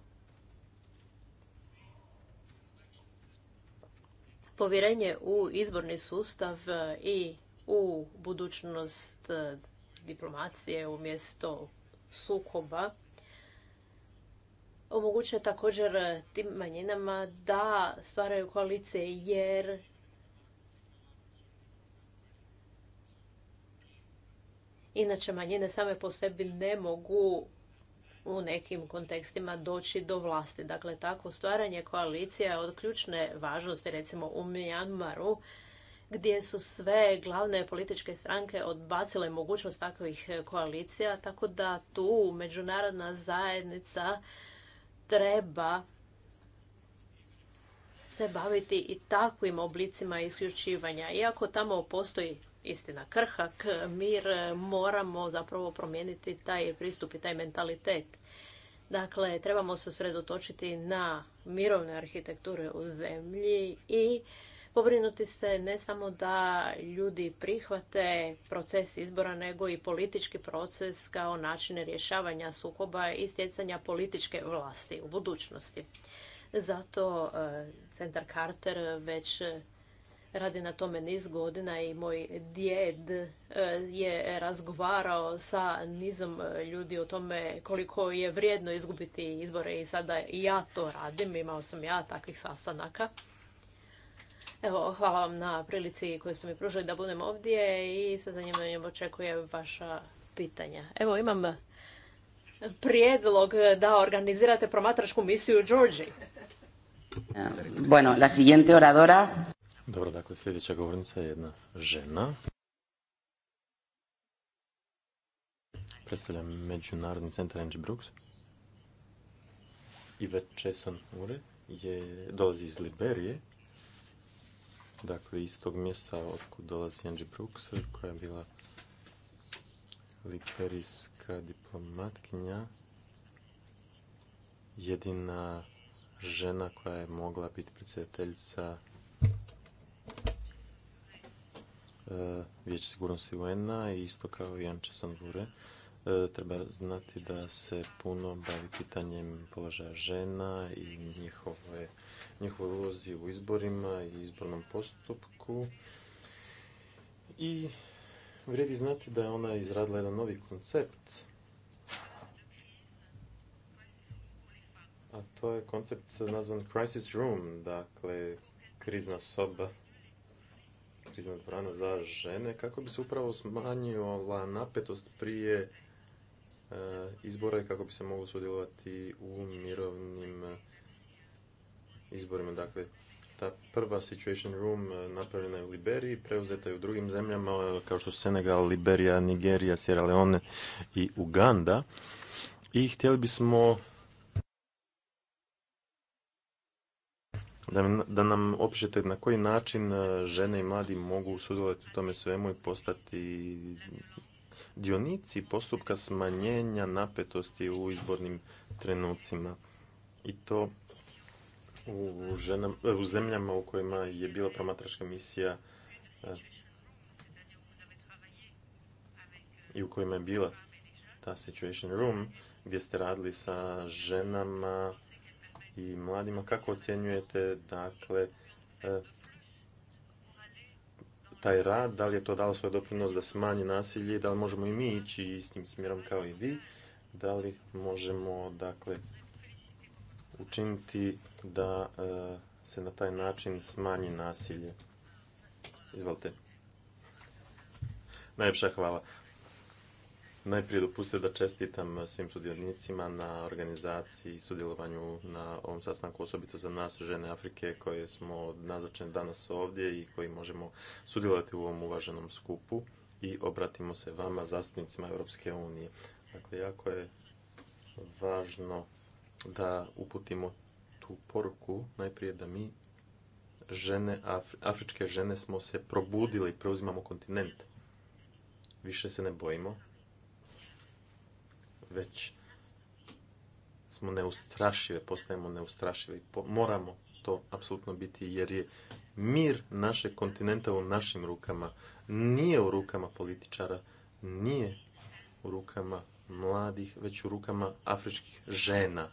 povjerenje u izborni sustav e, i u budućnost e, diplomacije umjesto sukoba omogućuje također e, tim manjinama da stvaraju koalicije jer inače manjine same po sebi ne mogu u nekim kontekstima doći do vlasti. Dakle, tako stvaranje koalicija je od ključne važnosti, recimo u Mijanmaru, gdje su sve glavne političke stranke odbacile mogućnost takvih koalicija, tako da tu međunarodna zajednica treba se baviti i takvim oblicima isključivanja. Iako tamo postoji istina krhak mir, moramo zapravo promijeniti taj pristup i taj mentalitet. Dakle, trebamo se sredotočiti na mirovne arhitekture u zemlji i pobrinuti se ne samo da ljudi prihvate proces izbora, nego i politički proces kao načine rješavanja sukoba i stjecanja političke vlasti u budućnosti. Zato e, centar Carter već radi na tome niz godina i moj djed e, je razgovarao sa nizom e, ljudi o tome koliko je vrijedno izgubiti izbore i sada i ja to radim, imao sam ja takvih sastanaka. Evo, hvala vam na prilici koju ste mi pružili da budem ovdje i sa zanimanjem očekujem vaša pitanja. Evo, imam prijedlog da organizirate promatračku misiju u Georgiji. Bueno, la siguiente oradora. Dobro, dakle sljedeća govornica je jedna žena. Predstavljam Međunarodni centar Angie Brooks. Ivet Česon Ure je, dolazi iz Liberije, dakle iz tog mjesta otkud dolazi Angie Brooks, koja je bila liberijska diplomatkinja, jedina žena koja je mogla biti predsjedateljica E, Vijeće sigurnosti UN-a i isto kao i Janče Sandure. E, treba znati da se puno bavi pitanjem položaja žena i njihove, ulozi u izborima i izbornom postupku. I vrijedi znati da je ona izradila jedan novi koncept a to je koncept nazvan crisis room, dakle krizna soba krizna dvorana za žene kako bi se upravo smanjila napetost prije e, izbora i kako bi se moglo sudjelovati u mirovnim e, izborima. Dakle, ta prva Situation Room e, napravljena je u Liberiji, preuzeta je u drugim zemljama kao što su Senegal, Liberija, Nigerija, Sierra Leone i Uganda. I htjeli bismo da nam opišete na koji način e, žene i mladi mogu sudjelovati u tome svemu i postati dionici postupka smanjenja napetosti u izbornim trenucima. I to u, e, u zemljama u kojima je bila promatračka misija e, i u kojima je bila ta Situation Room, gdje ste radili sa ženama, i mladima. Kako ocjenjujete dakle, e, taj rad, da li je to dalo svoj doprinos da smanji nasilje, da li možemo i mi ići istim smjerom kao i vi, da li možemo dakle, učiniti da e, se na taj način smanji nasilje. Izvolite. Najljepša hvala. Najprije dopustite da čestitam svim sudionicima na organizaciji i sudjelovanju na ovom sastanku, osobito za nas, žene Afrike, koje smo nazočene danas ovdje i koji možemo sudjelovati u ovom uvaženom skupu i obratimo se vama, zastupnicima Europske unije. Dakle, jako je važno da uputimo tu poruku, najprije da mi žene, afričke žene smo se probudili i preuzimamo kontinent. Više se ne bojimo, već smo neustrašive, postajemo neustrašivi. Moramo to apsolutno biti jer je mir našeg kontinenta u našim rukama. Nije u rukama političara, nije u rukama mladih, već u rukama afričkih žena.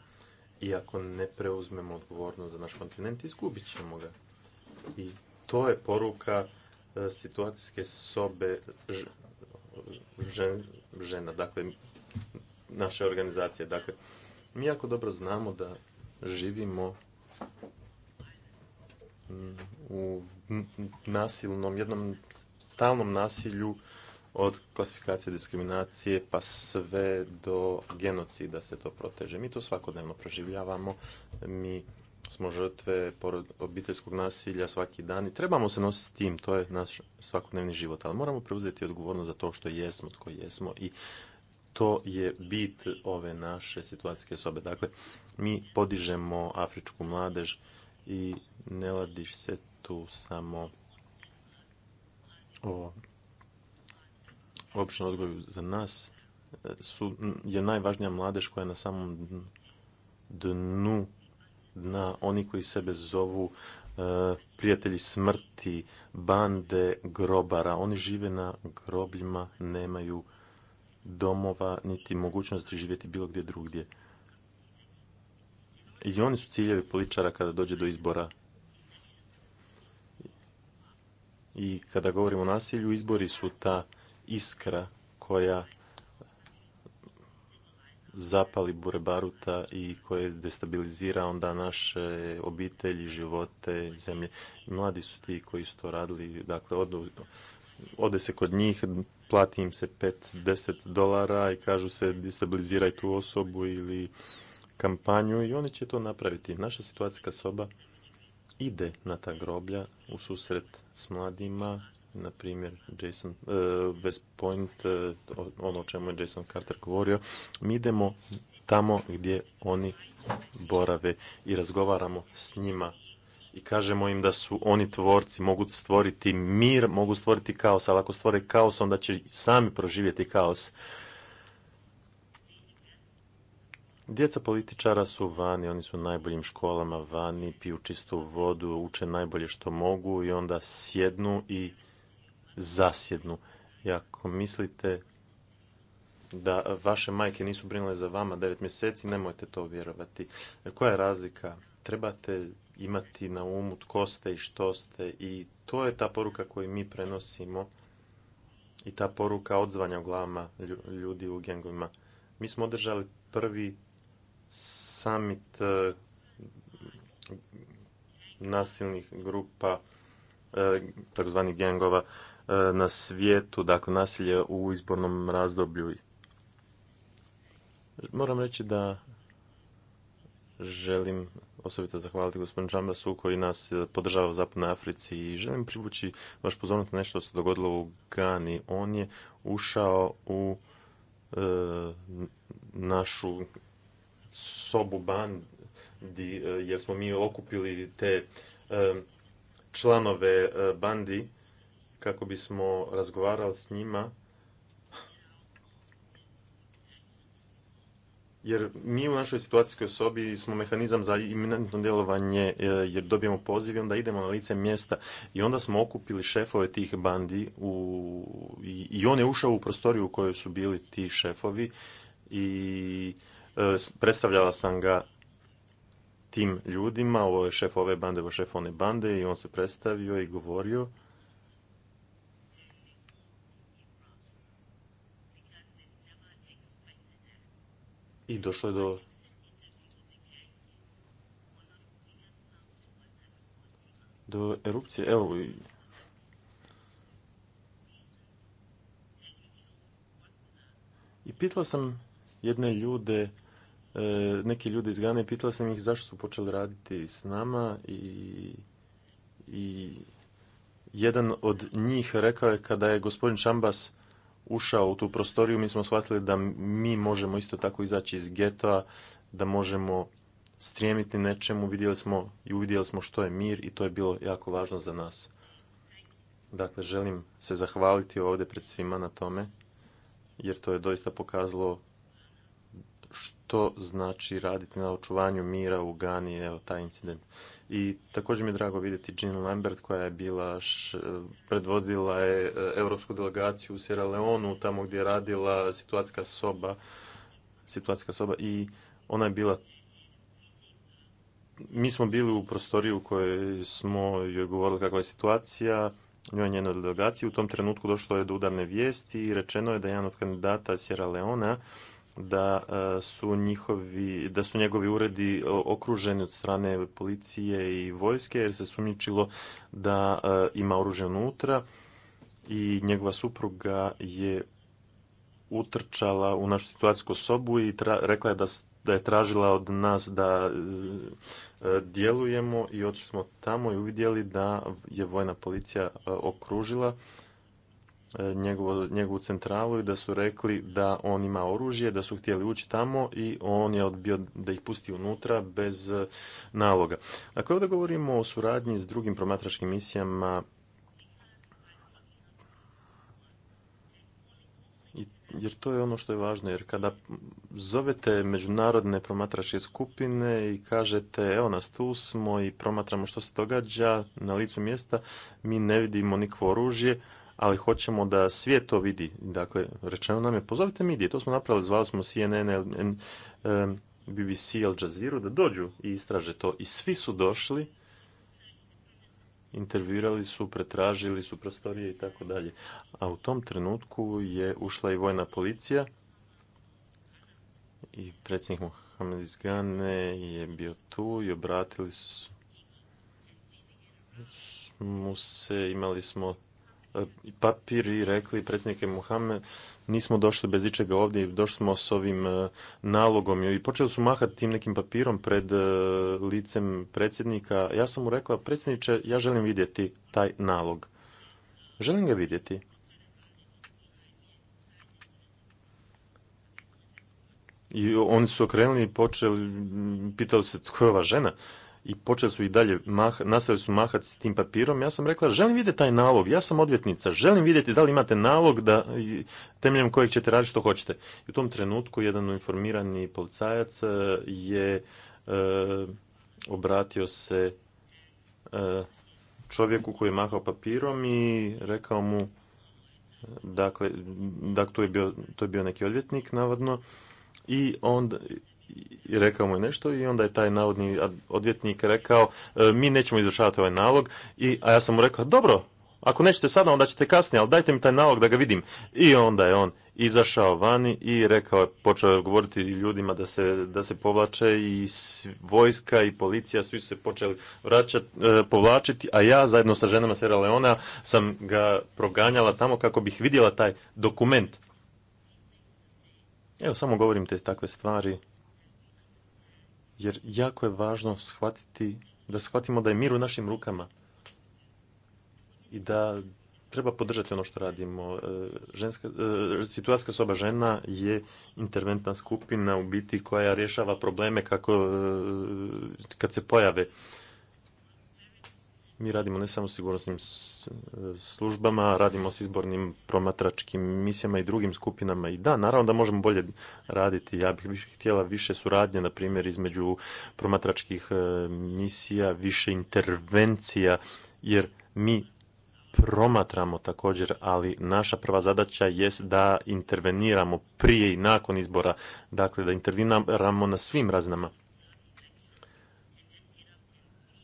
I ako ne preuzmemo odgovornost za naš kontinent, izgubit ćemo ga. I to je poruka e, situacijske sobe žena. Dakle, naše organizacije. Dakle, mi jako dobro znamo da živimo mm, u nasilnom, jednom stalnom nasilju od klasifikacije diskriminacije pa sve do genocida se to proteže. Mi to svakodnevno proživljavamo, mi smo žrtve obiteljskog nasilja svaki dan i trebamo se nositi s tim, to je naš svakodnevni život, ali moramo preuzeti odgovornost za to što jesmo, tko jesmo i to je bit ove naše situacijske sobe. Dakle, mi podižemo afričku mladež i ne ladiš se tu samo o odgoju za nas su, je najvažnija mladež koja je na samom dnu na oni koji sebe zovu e, prijatelji smrti, bande grobara. Oni žive na grobljima, nemaju domova, niti mogućnosti živjeti bilo gdje drugdje. I oni su ciljevi političara kada dođe do izbora. I kada govorimo o nasilju, izbori su ta iskra koja zapali bure baruta i koje destabilizira onda naše obitelji, živote, zemlje. Mladi su ti koji su to radili, dakle, ode, ode se kod njih, plati im se 5-10 dolara i kažu se destabiliziraj tu osobu ili kampanju i oni će to napraviti. Naša situacijska soba ide na ta groblja u susret s mladima, na primjer Jason, e, West Point, e, ono o čemu je Jason Carter govorio. Mi idemo tamo gdje oni borave i razgovaramo s njima i kažemo im da su oni tvorci, mogu stvoriti mir, mogu stvoriti kaos, ali ako stvore kaos, onda će sami proživjeti kaos. Djeca političara su vani, oni su u najboljim školama vani, piju čistu vodu, uče najbolje što mogu i onda sjednu i zasjednu. I ako mislite da vaše majke nisu brinule za vama devet mjeseci, nemojte to vjerovati. Koja je razlika? Trebate imati na umu tko ste i što ste i to je ta poruka koju mi prenosimo i ta poruka odzvanja u glavama ljudi u gengovima. Mi smo održali prvi summit e, nasilnih grupa, e, takozvanih gengova, e, na svijetu, dakle nasilje u izbornom razdoblju. Moram reći da želim osobito zahvaliti gospodinu Džambasu koji nas eh, podržava u Zapadnoj Africi i želim privući vaš pozornost na nešto što se dogodilo u Gani. On je ušao u eh, našu sobu bandi eh, jer smo mi okupili te članove bandi kako bismo razgovarali s njima jer mi u našoj situacijskoj osobi smo mehanizam za iminentno djelovanje e, jer dobijemo poziv i onda idemo na lice mjesta i onda smo okupili šefove tih bandi u, i, on je ušao u prostoriju u kojoj su bili ti šefovi i e, predstavljala sam ga tim ljudima, ovo je šef ove bande, ovo je šef one bande i on se predstavio i govorio i došlo je do do erupcije. Evo, i pitala sam jedne ljude, e, neke ljude iz Gane, pitala sam ih zašto su počeli raditi s nama i, i jedan od njih rekao je kada je gospodin Čambas ušao u tu prostoriju, mi smo shvatili da mi možemo isto tako izaći iz geta, da možemo strijemiti nečemu, vidjeli smo i uvidjeli smo što je mir i to je bilo jako važno za nas. Dakle, želim se zahvaliti ovdje pred svima na tome, jer to je doista pokazalo što znači raditi na očuvanju mira u Gani, evo taj incident. I također mi je drago vidjeti Jean Lambert koja je bila, predvodila je e, europsku delegaciju u Sierra Leonu, tamo gdje je radila situacijska soba, situacijska soba i ona je bila mi smo bili u prostoriju u kojoj smo joj govorili kakva je situacija, njoj je njenoj delegaciji. U tom trenutku došlo je do udarne vijesti i rečeno je da je jedan od kandidata Sierra Leona da e, su njihovi, da su njegovi uredi okruženi od strane policije i vojske jer se sumnjičilo da e, ima oružje unutra i njegova supruga je utrčala u našu situacijsku sobu i rekla je da, je tražila od nas da e, djelujemo i otišli smo tamo i uvidjeli da je vojna policija okružila E, njegovu, njegovu centralu i da su rekli da on ima oružje, da su htjeli ući tamo i on je odbio da ih pusti unutra bez e, naloga. Dakle, ovdje govorimo o suradnji s drugim promatračkim misijama jer to je ono što je važno, jer kada zovete međunarodne promatračke skupine i kažete evo nas tu smo i promatramo što se događa na licu mjesta, mi ne vidimo nikvo oružje, ali hoćemo da svijet to vidi. Dakle, rečeno nam je, pozovite medije, to smo napravili, zvali smo CNN, BBC, Al Jazeera, da dođu i istraže to. I svi su došli, intervjuirali su, pretražili su prostorije i tako dalje. A u tom trenutku je ušla i vojna policija i predsjednik Mohamed Izgane je bio tu i obratili su mu se, imali smo papir i rekli predsjednike Muhammed nismo došli bez ičega ovdje, došli smo s ovim e, nalogom i počeli su mahati tim nekim papirom pred e, licem predsjednika. Ja sam mu rekla, predsjedniče, ja želim vidjeti taj nalog. Želim ga vidjeti. I oni su okrenuli i počeli, pitali se tko je ova žena i počeli su i dalje mah, nastavili su mahati s tim papirom, ja sam rekla želim vidjeti taj nalog, ja sam odvjetnica, želim vidjeti da li imate nalog da, temeljem kojeg ćete raditi što hoćete. I u tom trenutku jedan informirani policajac e, je e, obratio se e, čovjeku koji je mahao papirom i rekao mu dakle, dakle to, je to je bio neki odvjetnik navodno i onda i rekao mu je nešto i onda je taj navodni odvjetnik rekao e, mi nećemo izvršavati ovaj nalog, i, a ja sam mu rekao dobro, ako nećete sada onda ćete kasnije, ali dajte mi taj nalog da ga vidim. I onda je on izašao vani i rekao, počeo je govoriti ljudima da se, da se povlače i vojska i policija, svi su se počeli vraćati, e, povlačiti, a ja zajedno sa ženama Sera Leona sam ga proganjala tamo kako bih vidjela taj dokument. Evo, samo govorim te takve stvari jer jako je važno shvatiti, da shvatimo da je mir u našim rukama i da treba podržati ono što radimo. E, ženska, e, situacijska soba žena je interventna skupina u biti koja rješava probleme kako e, kad se pojave. Mi radimo ne samo s sigurnosnim e, službama, radimo s izbornim promatračkim misijama i drugim skupinama. I da, naravno da možemo bolje raditi. Ja bih više htjela više suradnje, na primjer, između promatračkih e, misija, više intervencija, jer mi promatramo također, ali naša prva zadaća jest da interveniramo prije i nakon izbora. Dakle, da interveniramo na svim razinama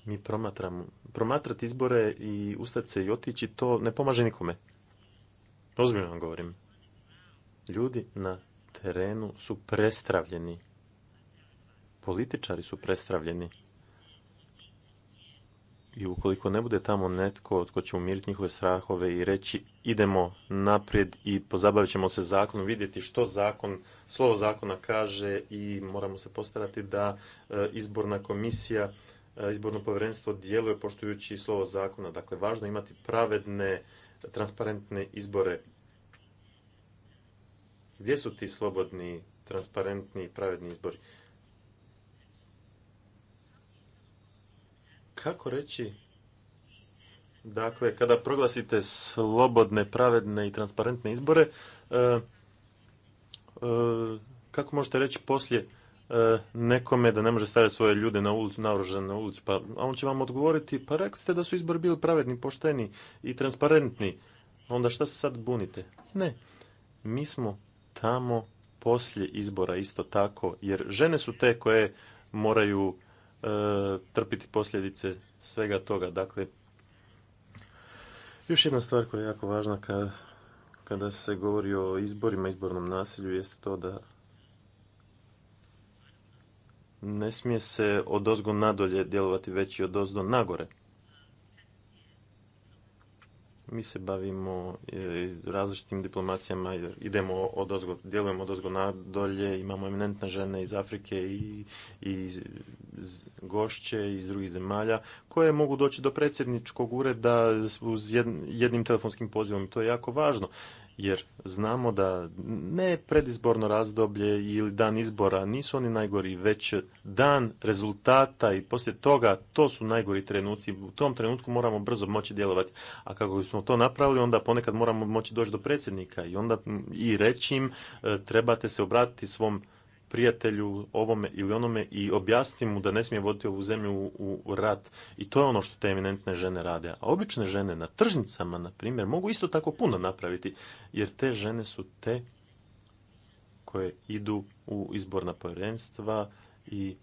mi promatramo. Promatrati izbore i ustati se i otići, to ne pomaže nikome. Ozbiljno vam govorim. Ljudi na terenu su prestravljeni. Političari su prestravljeni. I ukoliko ne bude tamo netko tko će umiriti njihove strahove i reći idemo naprijed i pozabavit ćemo se zakonom, vidjeti što zakon, slovo zakona kaže i moramo se postarati da e, izborna komisija E, izborno povjerenstvo djeluje poštujući slovo zakona. Dakle, važno je imati pravedne, transparentne izbore. Gdje su ti slobodni, transparentni i pravedni izbori? Kako reći? Dakle, kada proglasite slobodne, pravedne i transparentne izbore, e, e, kako možete reći poslije E, nekome da ne može staviti svoje ljude na ulicu, naoružan na ulicu. Pa on će vam odgovoriti, pa rekli ste da su izbori bili pravedni, pošteni i transparentni. Onda šta se sad bunite? Ne. Mi smo tamo poslije izbora isto tako, jer žene su te koje moraju e, trpiti posljedice svega toga. Dakle, još jedna stvar koja je jako važna kada, kada se govori o izborima, izbornom nasilju, jeste to da ne smije se od ozgo nadolje djelovati već i od ozgo nagore. Mi se bavimo e, različitim diplomacijama, idemo od ozgo, djelujemo od ozgo nadolje, imamo eminentne žene iz Afrike i, i gošće iz drugih zemalja koje mogu doći do predsjedničkog ureda uz jednim telefonskim pozivom to je jako važno jer znamo da ne predizborno razdoblje ili dan izbora nisu oni najgori, već dan rezultata i poslije toga to su najgori trenuci. U tom trenutku moramo brzo moći djelovati. A kako smo to napravili, onda ponekad moramo moći doći do predsjednika i onda i reći im e, trebate se obratiti svom prijatelju ovome ili onome i objasniti mu da ne smije voditi ovu zemlju u, u rat. I to je ono što te eminentne žene rade. A obične žene na tržnicama, na primjer, mogu isto tako puno napraviti, jer te žene su te koje idu u izborna povjerenstva i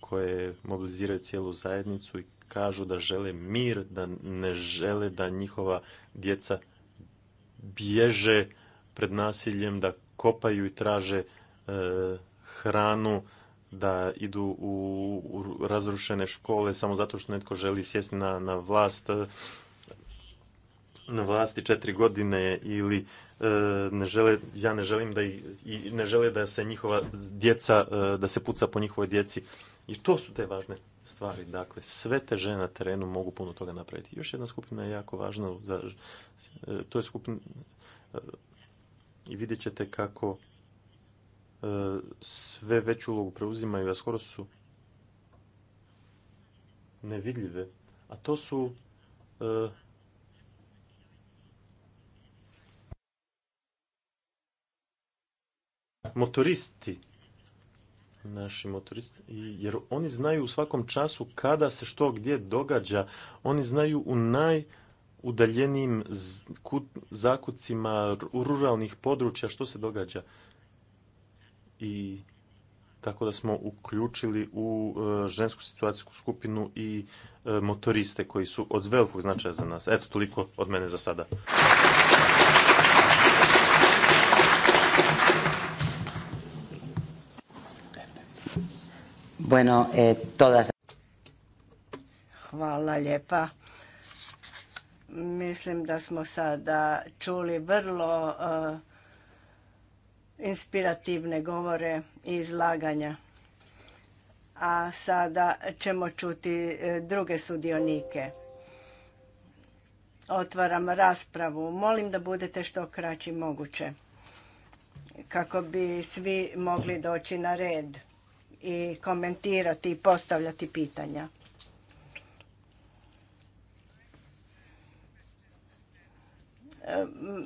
koje mobiliziraju cijelu zajednicu i kažu da žele mir, da ne žele da njihova djeca bježe pred nasiljem, da kopaju i traže E, hranu da idu u razrušene škole samo zato što netko želi sjesti na, na vlast e, na vlasti četiri godine ili e, ne žele, ja ne želim da i, ne žele da se njihova djeca, da se puca po njihovoj djeci. I to su te važne stvari. Dakle, sve te žene na terenu mogu puno toga napraviti. Još jedna skupina je jako važna. Za, to je skupina i vidjet ćete kako E, sve veću ulogu preuzimaju, a skoro su nevidljive. A to su e, motoristi naši motoristi, jer oni znaju u svakom času kada se što gdje događa. Oni znaju u najudaljenijim zakucima ruralnih područja što se događa i tako da smo uključili u e, žensku situacijsku skupinu i e, motoriste koji su od velikog značaja za nas. Eto, toliko od mene za sada. Bueno, eh, Hvala lijepa. Mislim da smo sada čuli vrlo e, inspirativne govore i izlaganja. A sada ćemo čuti e, druge sudionike. Otvaram raspravu. Molim da budete što kraći moguće kako bi svi mogli doći na red i komentirati i postavljati pitanja.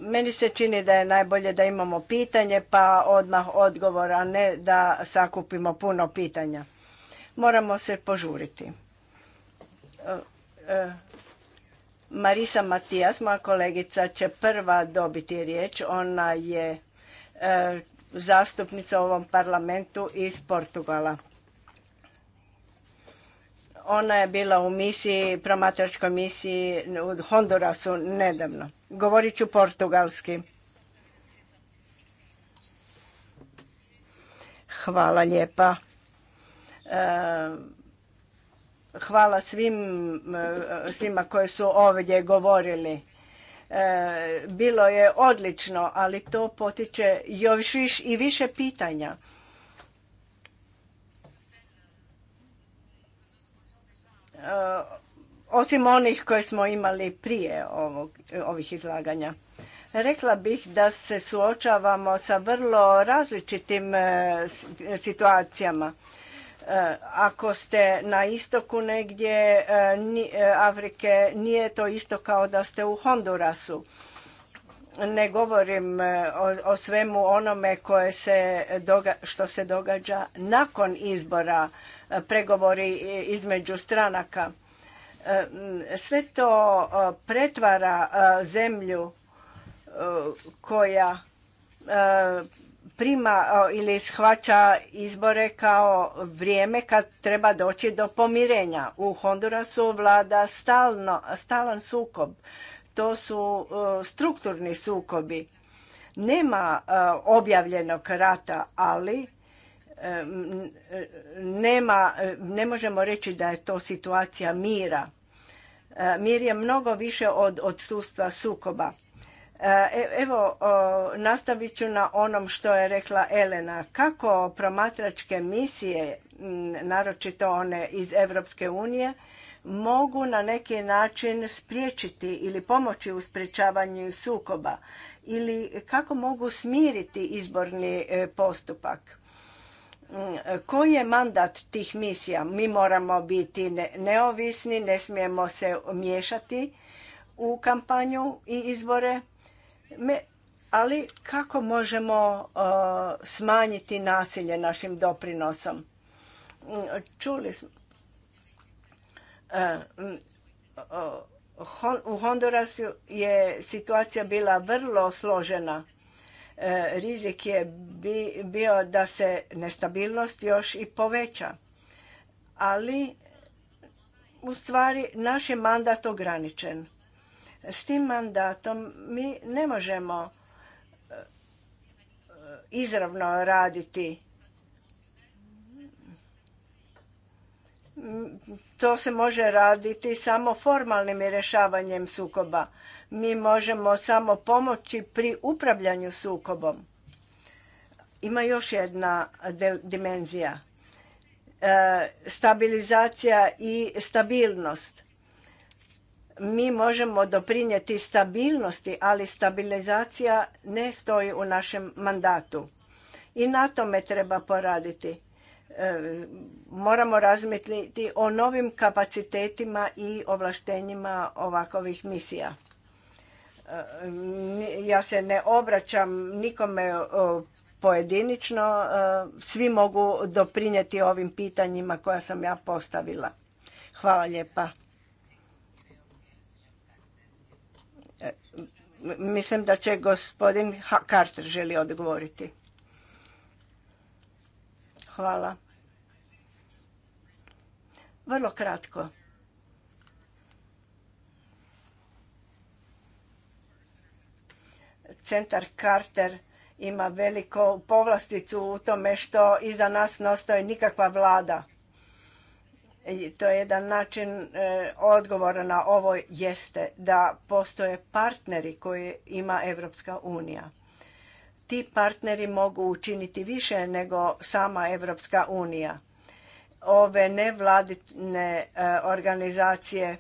Meni se čini da je najbolje da imamo pitanje pa odmah odgovor, a ne da sakupimo puno pitanja. Moramo se požuriti. E, e, Marisa Matijas, moja kolegica, će prva dobiti riječ. Ona je e, zastupnica u ovom parlamentu iz Portugala. Ona je bila u misiji, promatračkoj misiji u Hondurasu nedavno. Govorit ću portugalski. Hvala lijepa. E, hvala e, svima koji su ovdje govorili. E, bilo je odlično, ali to potiče još i više pitanja. Eh, osim onih koje smo imali prije ovog, ovih izlaganja. Rekla bih da se suočavamo sa vrlo različitim eh, situacijama. Eh, ako ste na istoku negdje Afrike, nije to isto kao da ste u Hondurasu. Ne govorim o, svemu onome koje se što se događa nakon izbora pregovori između stranaka. E, sve to e, pretvara e, zemlju koja prima ili shvaća izbore kao vrijeme kad treba doći do pomirenja. U Hondurasu vlada stalan sukob. To su strukturni sukobi. Nema objavljenog rata, ali nema, ne možemo reći da je to situacija mira. E, mir je mnogo više od odsustva sukoba. E, e, evo, nastavit ću na onom što je rekla Elena. Kako promatračke misije, naročito one iz Europske unije, mogu na neki način spriječiti ili pomoći u sprječavanju sukoba ili kako mogu smiriti izborni postupak koji je mandat tih misija? Mi moramo biti neovisni, ne smijemo se miješati u kampanju i izbore, ali kako možemo smanjiti nasilje našim doprinosom? Čuli smo e, u Hondurasu je situacija bila vrlo složena E, rizik je bio da se nestabilnost još i poveća. Ali u stvari naš je mandat ograničen. S tim mandatom mi ne možemo e, izravno raditi. To se može raditi samo formalnim rješavanjem sukoba. Mi možemo samo pomoći pri upravljanju sukobom. Ima još jedna dimenzija. E, stabilizacija i stabilnost. Mi možemo doprinijeti stabilnosti, ali stabilizacija ne stoji u našem mandatu. I na tome treba poraditi e, moramo razmisliti o novim kapacitetima i ovlaštenjima ovakovih misija. Eh, ja se ne obraćam nikome eh, pojedinično, eh, svi mogu doprinijeti ovim pitanjima koja sam ja postavila. Hvala lijepa. Mislim da će gospodin Carter želi odgovoriti. Hvala. Vrlo kratko. Centar Carter ima veliku povlasticu u tome što iza nas ostaje nikakva vlada. to je jedan način e, odgovora na ovo jeste da postoje partneri koje ima Evropska unija. Ti partneri mogu učiniti više nego sama Evropska unija. Ove nevladine e, organizacije,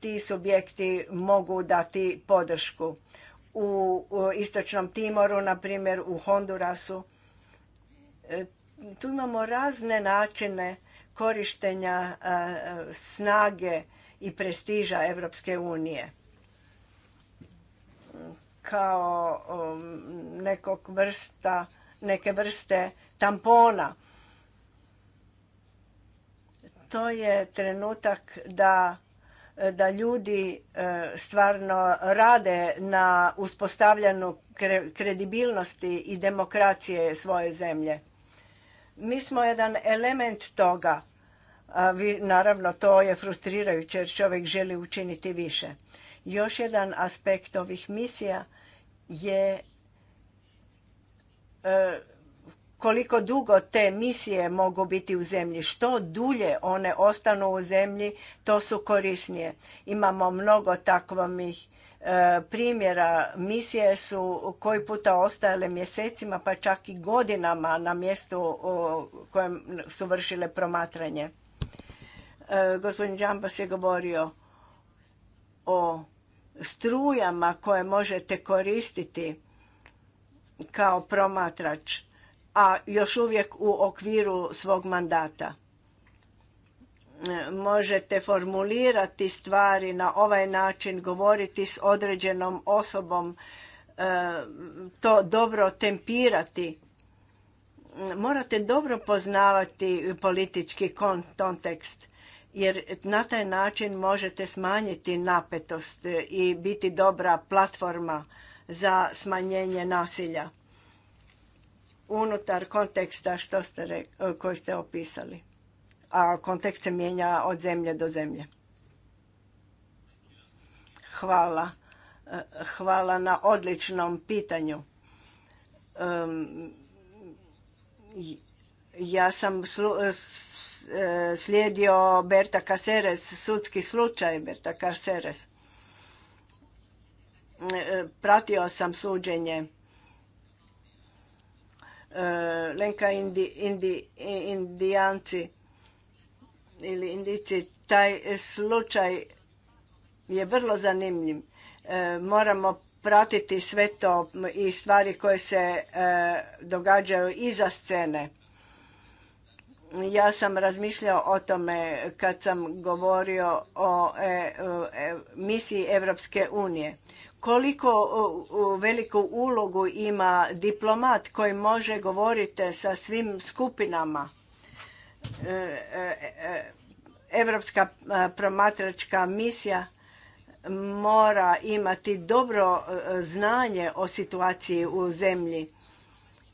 ti subjekti mogu dati podršku u istočnom Timoru, na primjer u Hondurasu. E, tu imamo razne načine korištenja e, snage i prestiža Evropske unije kao nekog vrsta, neke vrste tampona. To je trenutak da da ljudi e, stvarno rade na uspostavljanju kredibilnosti i demokracije svoje zemlje. Mi smo jedan element toga. naravno, to je frustrirajuće jer čovjek želi učiniti više. Još jedan aspekt ovih misija je e, koliko dugo te misije mogu biti u zemlji. Što dulje one ostanu u zemlji, to su korisnije. Imamo mnogo takvih e, primjera. Misije su koji puta ostajale mjesecima, pa čak i godinama na mjestu kojem su vršile promatranje. E, gospodin Džambas je govorio o strujama koje možete koristiti kao promatrač a još uvijek u okviru svog mandata. E, možete formulirati stvari na ovaj način, govoriti s određenom osobom, e, to dobro tempirati. Morate dobro poznavati politički kontekst jer na taj način možete smanjiti napetost i biti dobra platforma za smanjenje nasilja unutar konteksta što ste, e, koji ste opisali. A kontekst se mijenja od zemlje do zemlje. Hvala. E, hvala na odličnom pitanju. Ja sam e, slijedio Berta Caceres, sudski slučaj Berta Caceres. Pratio sam suđenje Eh, Lenka indijanci ili indici, taj slučaj je vrlo zanimljiv. Eh, moramo pratiti sve to i stvari koje se eh, događaju iza scene. Ja sam razmišljao o tome kad sam govorio o misiji Evropske unije koliko veliku ulogu ima diplomat koji može govoriti sa svim skupinama. Europska e, e, e, promatračka misija mora imati dobro znanje o situaciji u zemlji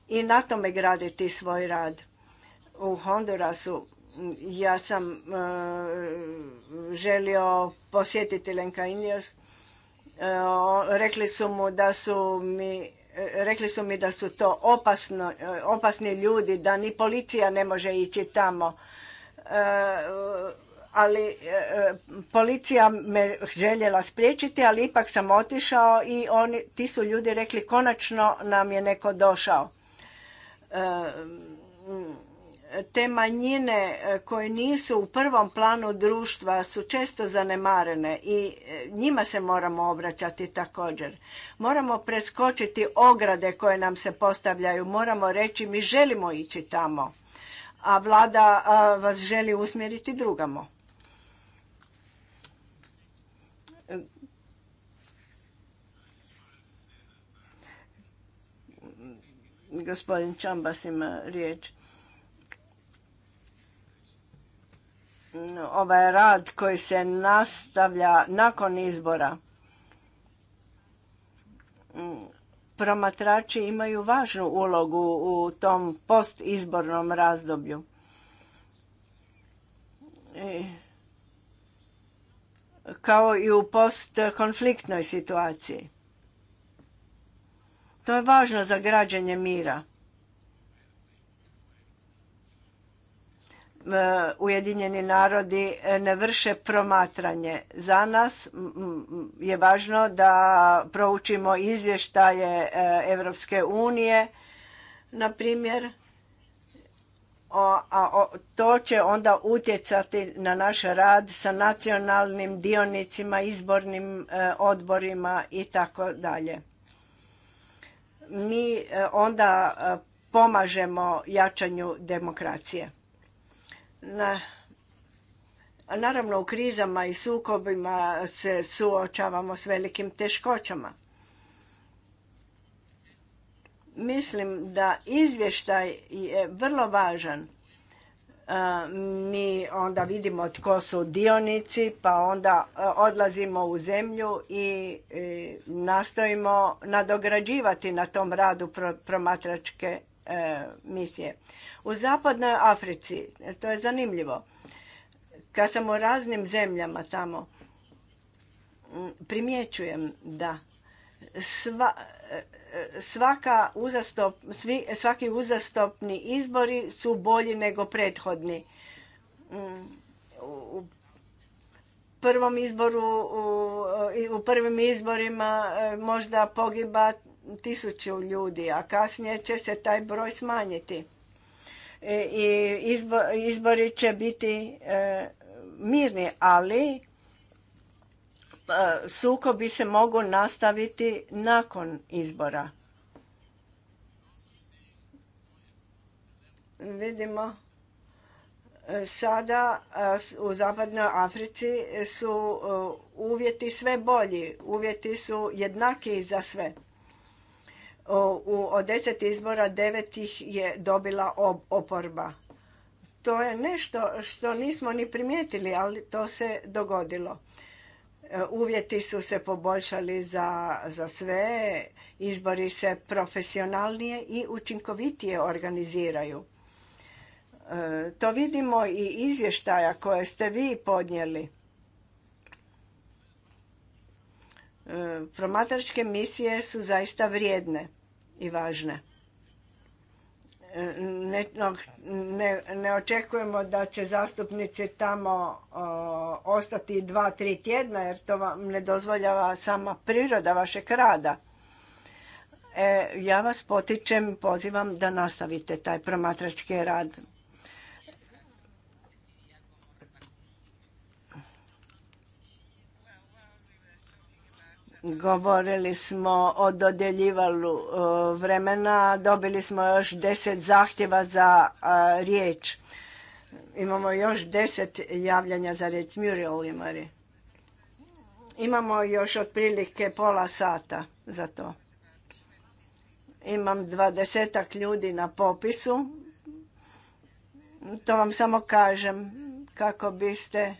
i na tome graditi svoj rad. U Hondurasu ja sam želio posjetiti Lenka E, rekli su mu da su mi e, rekli su mi da su to e, opasni ljudi, da ni policija ne može ići tamo. Ali policija me željela spriječiti, ali ipak sam otišao i oni, ti su ljudi rekli konačno nam je neko došao te manjine e, koje nisu u prvom planu društva su često zanemarene i e, njima se moramo obraćati također. Moramo preskočiti ograde koje nam se postavljaju, moramo reći mi želimo ići tamo, a vlada vas želi usmjeriti drugamo. Gospodin Čambas ima riječ. ovaj rad koji se nastavlja nakon izbora. Promatrači imaju važnu ulogu u tom postizbornom razdoblju. E, kao i u postkonfliktnoj situaciji. To je važno za građenje mira. E, Ujedinjeni narodi e, ne vrše promatranje. Za nas je važno da proučimo izvještaje Europske unije, na primjer, a to će onda utjecati na naš rad sa nacionalnim dionicima, izbornim e, odborima i tako dalje. Mi onda pomažemo jačanju demokracije naravno u krizama i sukobima se suočavamo s velikim teškoćama. Mislim da izvještaj je vrlo važan. E, mi onda vidimo tko su dionici, pa onda e, odlazimo u zemlju i e, nastojimo nadograđivati na tom radu promatračke misije. U zapadnoj Africi, to je zanimljivo, kad sam u raznim zemljama tamo, primjećujem da sva, svaka uzastop, svi, svaki uzastopni izbori su bolji nego prethodni. U prvom izboru, u, u prvim izborima e, možda pogiba tisuću ljudi, a kasnije će se taj broj smanjiti. E, i izbori će biti e, mirni, ali e, sukobi se mogu nastaviti nakon izbora. Vidimo sada u zapadnoj Africi su uvjeti sve bolji, uvjeti su jednaki za sve u, od deset izbora devetih je dobila oporba. To je nešto što nismo ni primijetili, ali to se dogodilo. E, uvjeti su se poboljšali za, za sve, izbori se profesionalnije i učinkovitije organiziraju. E, to vidimo i izvještaja koje ste vi podnijeli. E, promatračke misije su zaista vrijedne i važne. E, ne, ne, ne očekujemo da će zastupnici tamo ostati dva, tri tjedna jer to vam ne dozvoljava sama priroda vašeg rada. E, ja vas potičem, pozivam da nastavite taj promatrački rad. Govorili smo o dodeljivalu e, vremena, dobili smo još deset zahtjeva za e, riječ. Imamo još deset javljanja za riječ. Muriel Imamo još otprilike pola sata za to. Imam dvadesetak ljudi na popisu. To vam samo kažem kako biste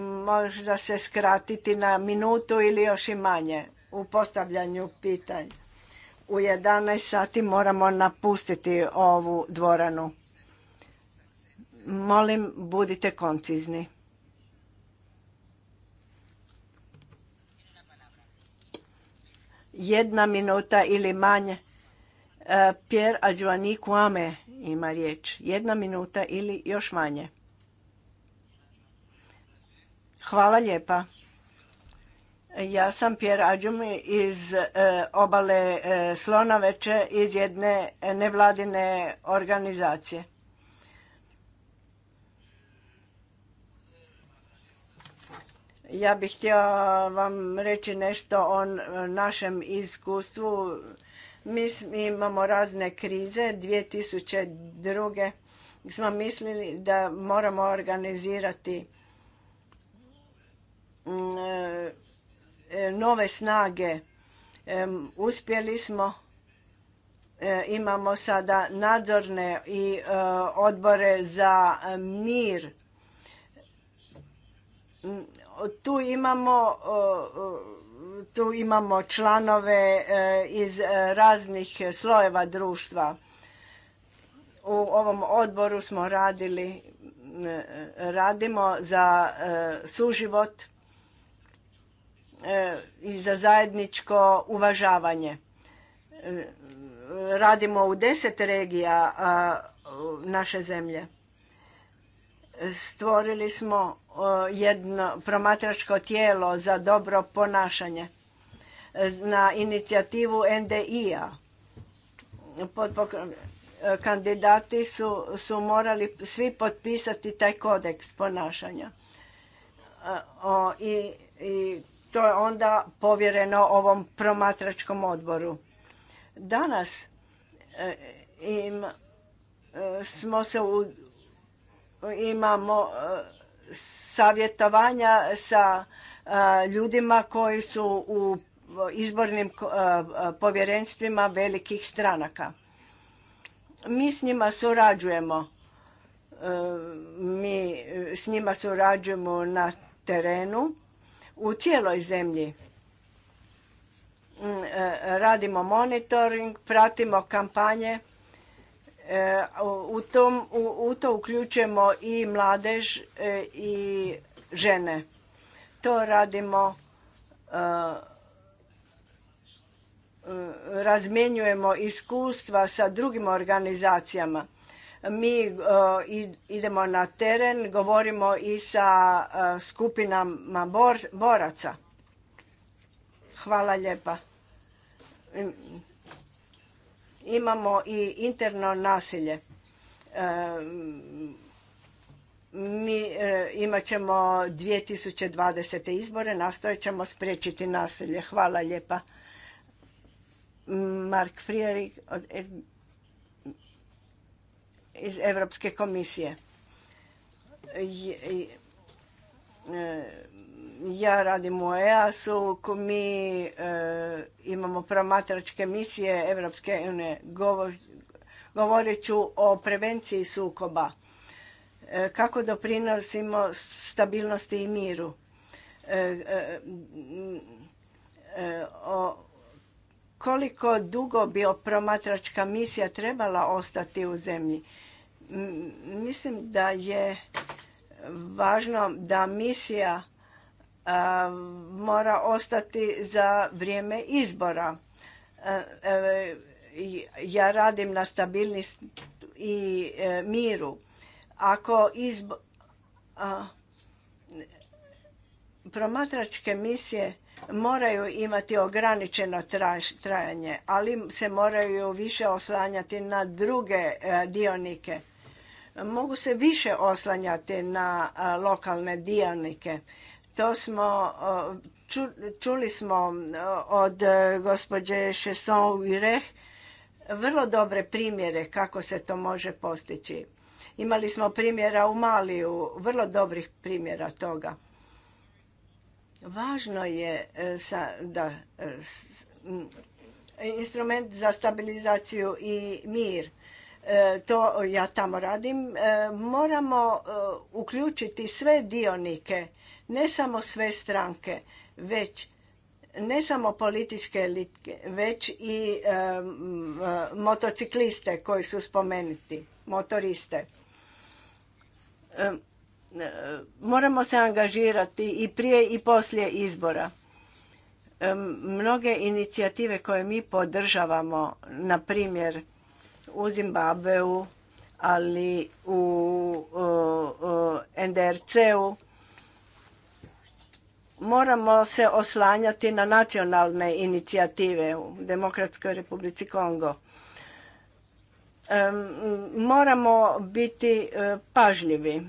možda se skratiti na minutu ili još i manje u postavljanju pitanja. U 11 sati moramo napustiti ovu dvoranu. Molim, budite koncizni. Jedna minuta ili manje. E, Pierre Adjouani Kwame ima riječ. Jedna minuta ili još manje. Hvala lijepa. Ja sam Pierre iz e, obale e, Slonoveće iz jedne nevladine organizacije. Ja bih htjela vam reći nešto o našem iskustvu. Mi imamo razne krize. 2002. smo mislili da moramo organizirati Mm, e, e, nove snage e, uspjeli smo imamo sada nadzorne i odbore za mir mm, tu imamo tu imamo članove iz raznih slojeva društva u ovom odboru smo radili radimo za suživot E, i za zajedničko uvažavanje. E, radimo u deset regija naše zemlje. Stvorili smo e, jedno promatračko tijelo za dobro ponašanje na inicijativu NDI-a. Kandidati su, su morali svi potpisati taj kodeks ponašanja. i to je onda povjereno ovom promatračkom odboru. Danas e, im, e, smo se u, imamo e, savjetovanja sa ljudima koji su u izbornim povjerenstvima velikih stranaka. Mi s njima surađujemo. mi s njima surađujemo na terenu u cijeloj zemlji. Mm, e, radimo monitoring, pratimo kampanje, e, u, tom, u, to uključujemo i mladež e, i žene. To radimo razmjenjujemo iskustva sa drugim organizacijama mi e, idemo na teren, govorimo i sa e, skupinama boraca. Hvala lijepa. Imamo i interno nasilje. E, mi imat ćemo 2020. izbore, nastojat ćemo spriječiti nasilje. Hvala lijepa. Mark Frijerik od iz Europske komisije. E, ja radim u EAS-u, mi e, imamo promatračke misije Evropske unije. Govorit ću o prevenciji sukoba. E, kako doprinosimo stabilnosti i miru. koliko dugo bi promatračka misija trebala ostati u zemlji Mislim da je važno da misija mora ostati za vrijeme izbora. ja radim na stabilnosti i e, miru. Ako promatračke misije moraju imati ograničeno trajanje, ali se moraju više oslanjati na druge e, dionike mogu se više oslanjati na lokalne dionike. To smo, čuli smo od e, gospođe Šeson reh vrlo dobre primjere kako se to može postići. Imali smo primjera u Maliju, vrlo dobrih primjera toga. Važno je e, da e, instrument za stabilizaciju i mir – E, to ja tamo radim, e, moramo e, uključiti sve dionike, ne samo sve stranke, već ne samo političke elitke, već i motocikliste koji su spomenuti, motoriste. Moramo se angažirati i prije i poslije izbora. Mnoge inicijative koje mi podržavamo, na primjer, u Zimbabveu, ali u NDRC-u. Moramo se oslanjati na nacionalne inicijative u Demokratskoj Republici Kongo. Moramo biti e, pažljivi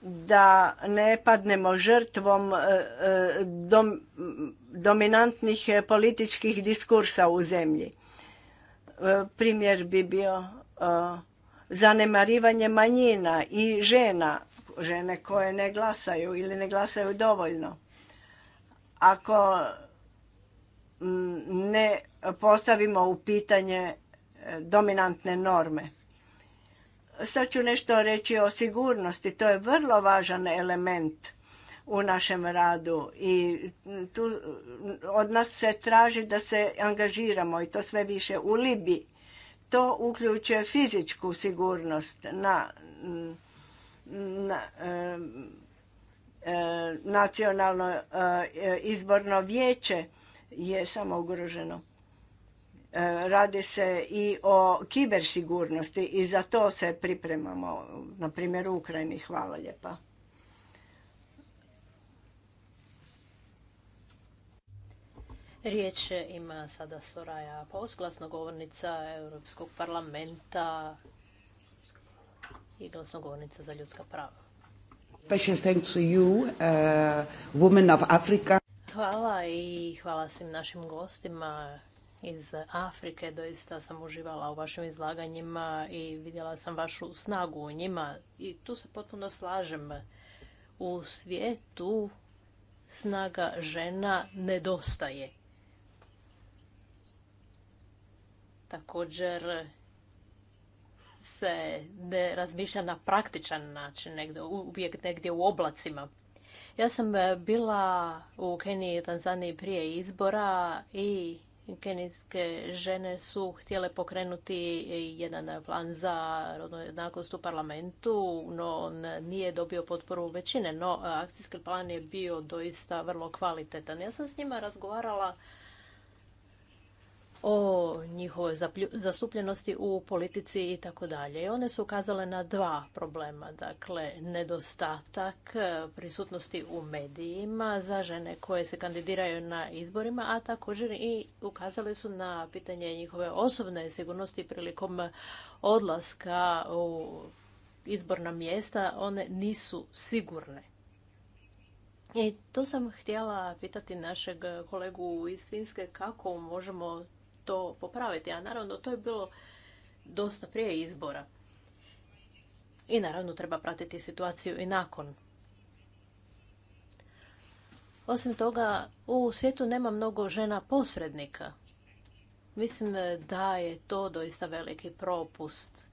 da ne padnemo žrtvom e, e, dominantnih političkih diskursa u zemlji. Primjer bi bio e, zanemarivanje manjina i žena, žene koje ne glasaju ili ne glasaju dovoljno. Ako ne postavimo u pitanje e, dominantne norme. Sad ću nešto reći o sigurnosti. To je vrlo važan element u našem radu i tu od nas se traži da se angažiramo i to sve više u libi. To uključuje fizičku sigurnost na, na nacionalno eh, izborno vijeće je samo ugroženo. Eh, radi se i o kibersigurnosti i za to se pripremamo, na primjer u Ukrajini. Hvala lijepa. Riječ ima sada Soraja Pos, glasnogovornica Europskog parlamenta i glasnogovornica za ljudska prava. Uh, hvala i hvala svim našim gostima iz Afrike. Doista sam uživala u vašim izlaganjima i vidjela sam vašu snagu u njima. I tu se potpuno slažem. U svijetu snaga žena nedostaje. također se ne razmišlja na praktičan način, negdje, uvijek negdje u oblacima. Ja sam e, bila u Keniji i Tanzaniji prije izbora i kenijske žene su htjele pokrenuti jedan plan za rodnu jednakost u parlamentu, no on nije dobio potporu većine, no akcijski plan je bio doista vrlo kvalitetan. Ja sam s njima razgovarala o njihovoj zastupljenosti u politici i tako dalje. I one su ukazale na dva problema, dakle nedostatak e, prisutnosti u medijima za žene koje se kandidiraju na izborima, a također i ukazale su na pitanje njihove osobne sigurnosti prilikom odlaska u izborna mjesta, one nisu sigurne. I to sam htjela pitati našeg kolegu iz Finske kako možemo to popraviti, a naravno to je bilo dosta prije izbora. I naravno treba pratiti situaciju i nakon. Osim toga, u svijetu nema mnogo žena posrednika. Mislim da je to doista veliki propust.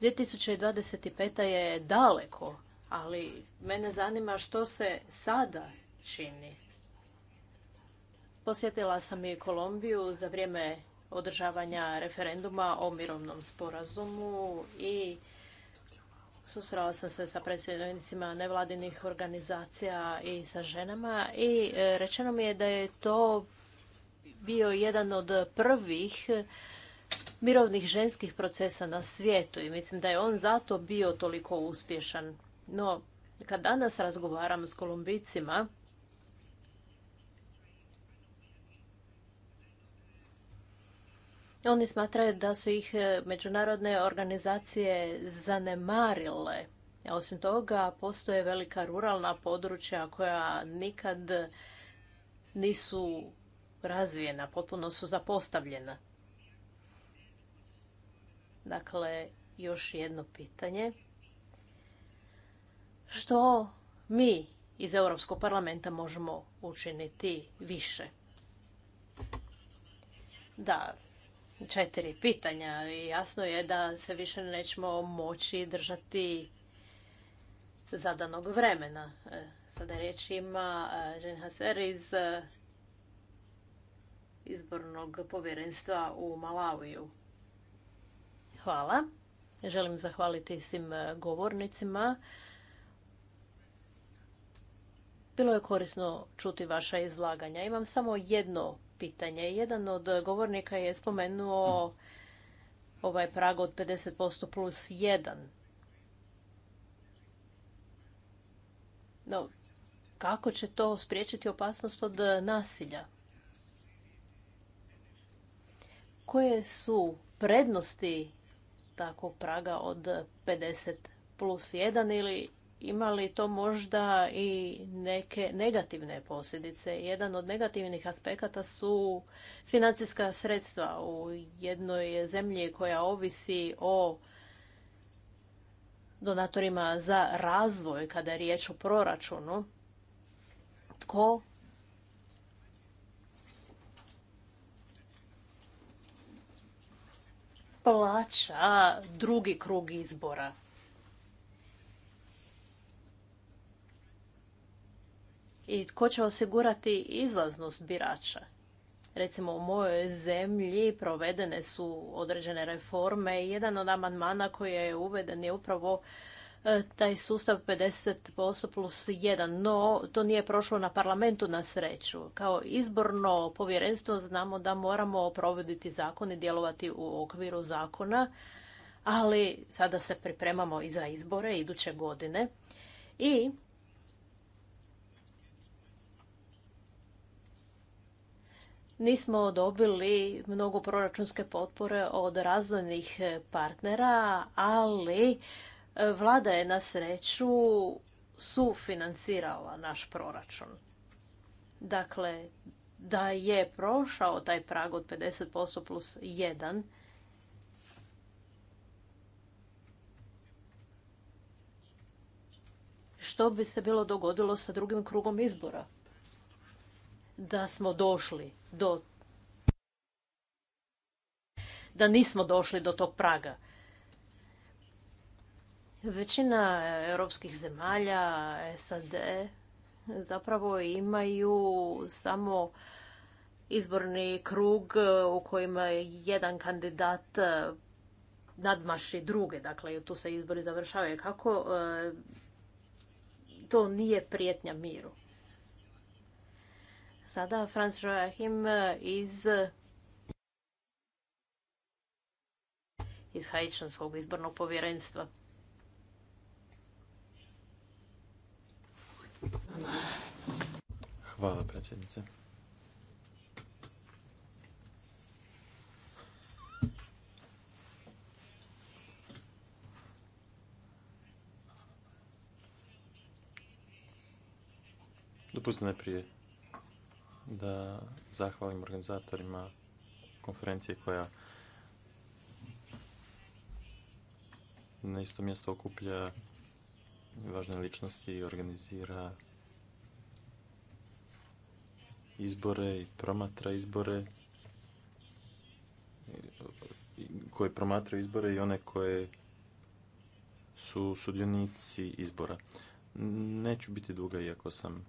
2025. je daleko, ali mene zanima što se sada čini. Posjetila sam i Kolumbiju za vrijeme održavanja referenduma o mirovnom sporazumu i susrela sam se sa predsjednicima nevladinih organizacija i sa ženama i e, rečeno mi je da je to bio jedan od prvih mirovnih ženskih procesa na svijetu i mislim da je on zato bio toliko uspješan. No, kad danas razgovaram s kolumbicima, Oni smatraju da su ih e, međunarodne organizacije zanemarile. E, osim toga, postoje velika ruralna područja koja nikad nisu razvijena, potpuno su zapostavljena. Dakle, još jedno pitanje. Što mi iz Europskog parlamenta možemo učiniti više? Da, četiri pitanja i jasno je da se više nećemo moći držati zadanog vremena. E, sada riječ ima Žen Haser iz e, izbornog povjerenstva u Malaviju. Hvala. Želim zahvaliti svim e, govornicima. Bilo je korisno čuti vaša izlaganja. Imam samo jedno pitanje. Jedan od govornika je spomenuo ovaj prag od 50% plus 1. No, kako će to spriječiti opasnost od nasilja? Koje su prednosti takvog praga od 50 plus 1 ili ima li to možda i neke negativne posljedice? Jedan od negativnih aspekata su financijska sredstva u jednoj zemlji koja ovisi o donatorima za razvoj kada je riječ o proračunu. Tko plaća drugi krug izbora? i tko će osigurati izlaznost birača. Recimo u mojoj zemlji provedene su određene reforme i jedan od amandmana koji je uveden je upravo e, taj sustav 50% plus 1, no to nije prošlo na parlamentu na sreću. Kao izborno povjerenstvo znamo da moramo provoditi zakon i djelovati u okviru zakona, ali sada se pripremamo i za izbore iduće godine. I nismo dobili mnogo proračunske potpore od razvojnih partnera, ali e, vlada je na sreću sufinancirala naš proračun. Dakle, da je prošao taj prag od 50% plus 1, što bi se bilo dogodilo sa drugim krugom izbora? Da smo došli do da nismo došli do tog praga. Većina europskih zemalja, SAD, zapravo imaju samo izborni krug u kojima jedan kandidat nadmaši druge, dakle tu se izbori završavaju. Kako e, to nije prijetnja miru? sada Franz Joachim e, iz iz Hajičanskog izbornog povjerenstva. Hvala, predsjednice. Dopustite najprije da zahvalim organizatorima konferencije koja na isto mjesto okuplja važne ličnosti i organizira izbore i promatra izbore koje promatraju izbore i one koje su sudionici izbora. Neću biti duga iako sam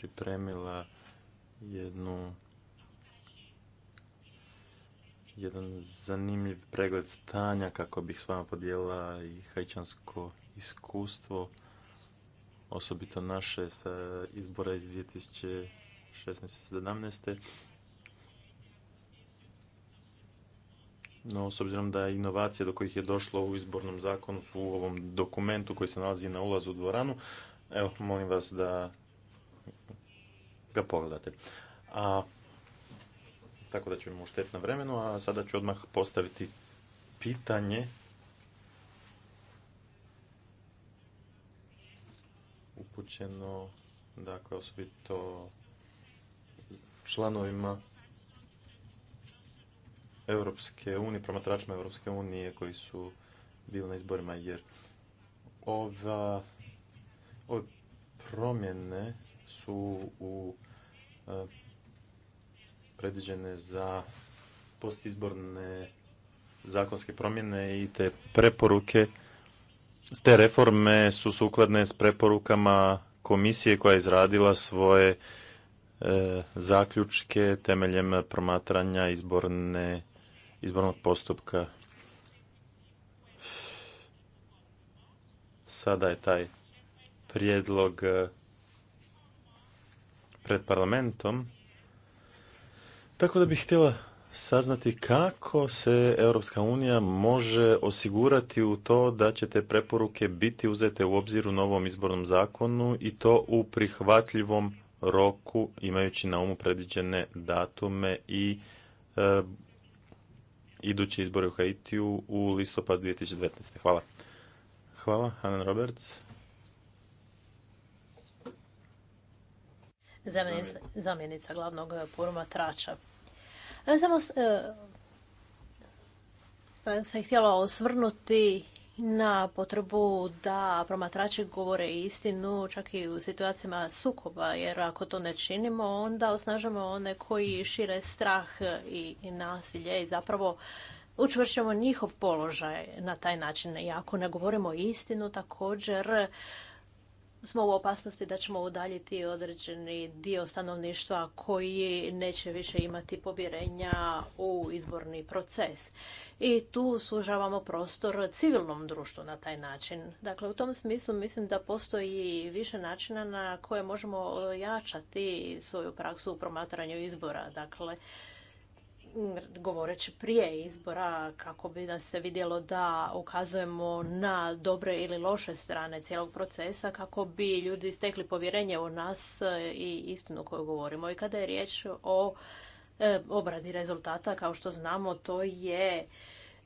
pripremila jednu jedan zanimljiv pregled stanja kako bih s vama podijelila i hajčansko iskustvo, osobito naše sa izbora iz 2016. 17. No, s obzirom da inovacije do kojih je došlo u izbornom zakonu su u ovom dokumentu koji se nalazi na ulazu u dvoranu, evo, molim vas da ga pogledate. A, tako da ćemo uštetiti na vremenu, a sada ću odmah postaviti pitanje upućeno dakle osobito članovima Europske unije, promatračima Europske unije koji su bili na izborima jer ova, ove promjene su u E, predviđene za postizborne zakonske promjene i te preporuke, te reforme su sukladne s preporukama komisije koja je izradila svoje e, zaključke temeljem promatranja izbornog postupka. Sada je taj prijedlog e, pred parlamentom. Tako da bih htjela saznati kako se Europska unija može osigurati u to da će te preporuke biti uzete u obzir u novom izbornom zakonu i to u prihvatljivom roku imajući na umu predviđene datume i e, idući izbori u Haitiju u listopadu 2019. Hvala. Hvala, Hanan Roberts. zamjenica, zamjenica glavnog e, promatrača. E, samo e, sam se htjela osvrnuti na potrebu da promatrači govore istinu čak i u situacijama sukoba, jer ako to ne činimo, onda osnažamo one koji šire strah i nasilje i zapravo učvršćamo njihov položaj na taj način. I ako ne govorimo istinu, također smo u opasnosti da ćemo udaljiti određeni dio stanovništva koji neće više imati povjerenja u izborni proces. I tu sužavamo prostor civilnom društvu na taj način. Dakle, u tom smislu mislim da postoji više načina na koje možemo jačati svoju praksu u promatranju izbora. Dakle, govoreći prije izbora kako bi da se vidjelo da ukazujemo na dobre ili loše strane cijelog procesa kako bi ljudi stekli povjerenje u nas i istinu koju govorimo. I kada je riječ o e, obradi rezultata, kao što znamo, to je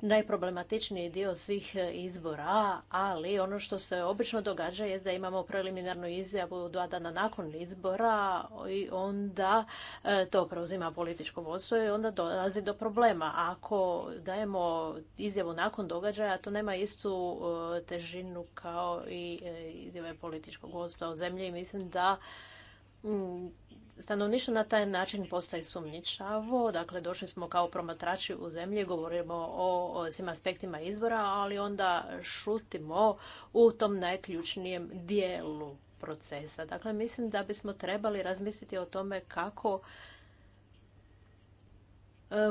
najproblematičniji dio svih e, izbora, ali ono što se obično događa je da imamo preliminarnu izjavu dva dana nakon izbora i onda e, to preuzima političko vodstvo i onda dolazi do problema. Ako dajemo izjavu nakon događaja, to nema istu e, težinu kao i izjave političkog vodstva u zemlji i mislim da stanovništvo na taj način postaje sumničavo. Dakle, došli smo kao promatrači u zemlji, govorimo o svim aspektima izbora, ali onda šutimo u tom najključnijem dijelu procesa. Dakle, mislim da bismo trebali razmisliti o tome kako e,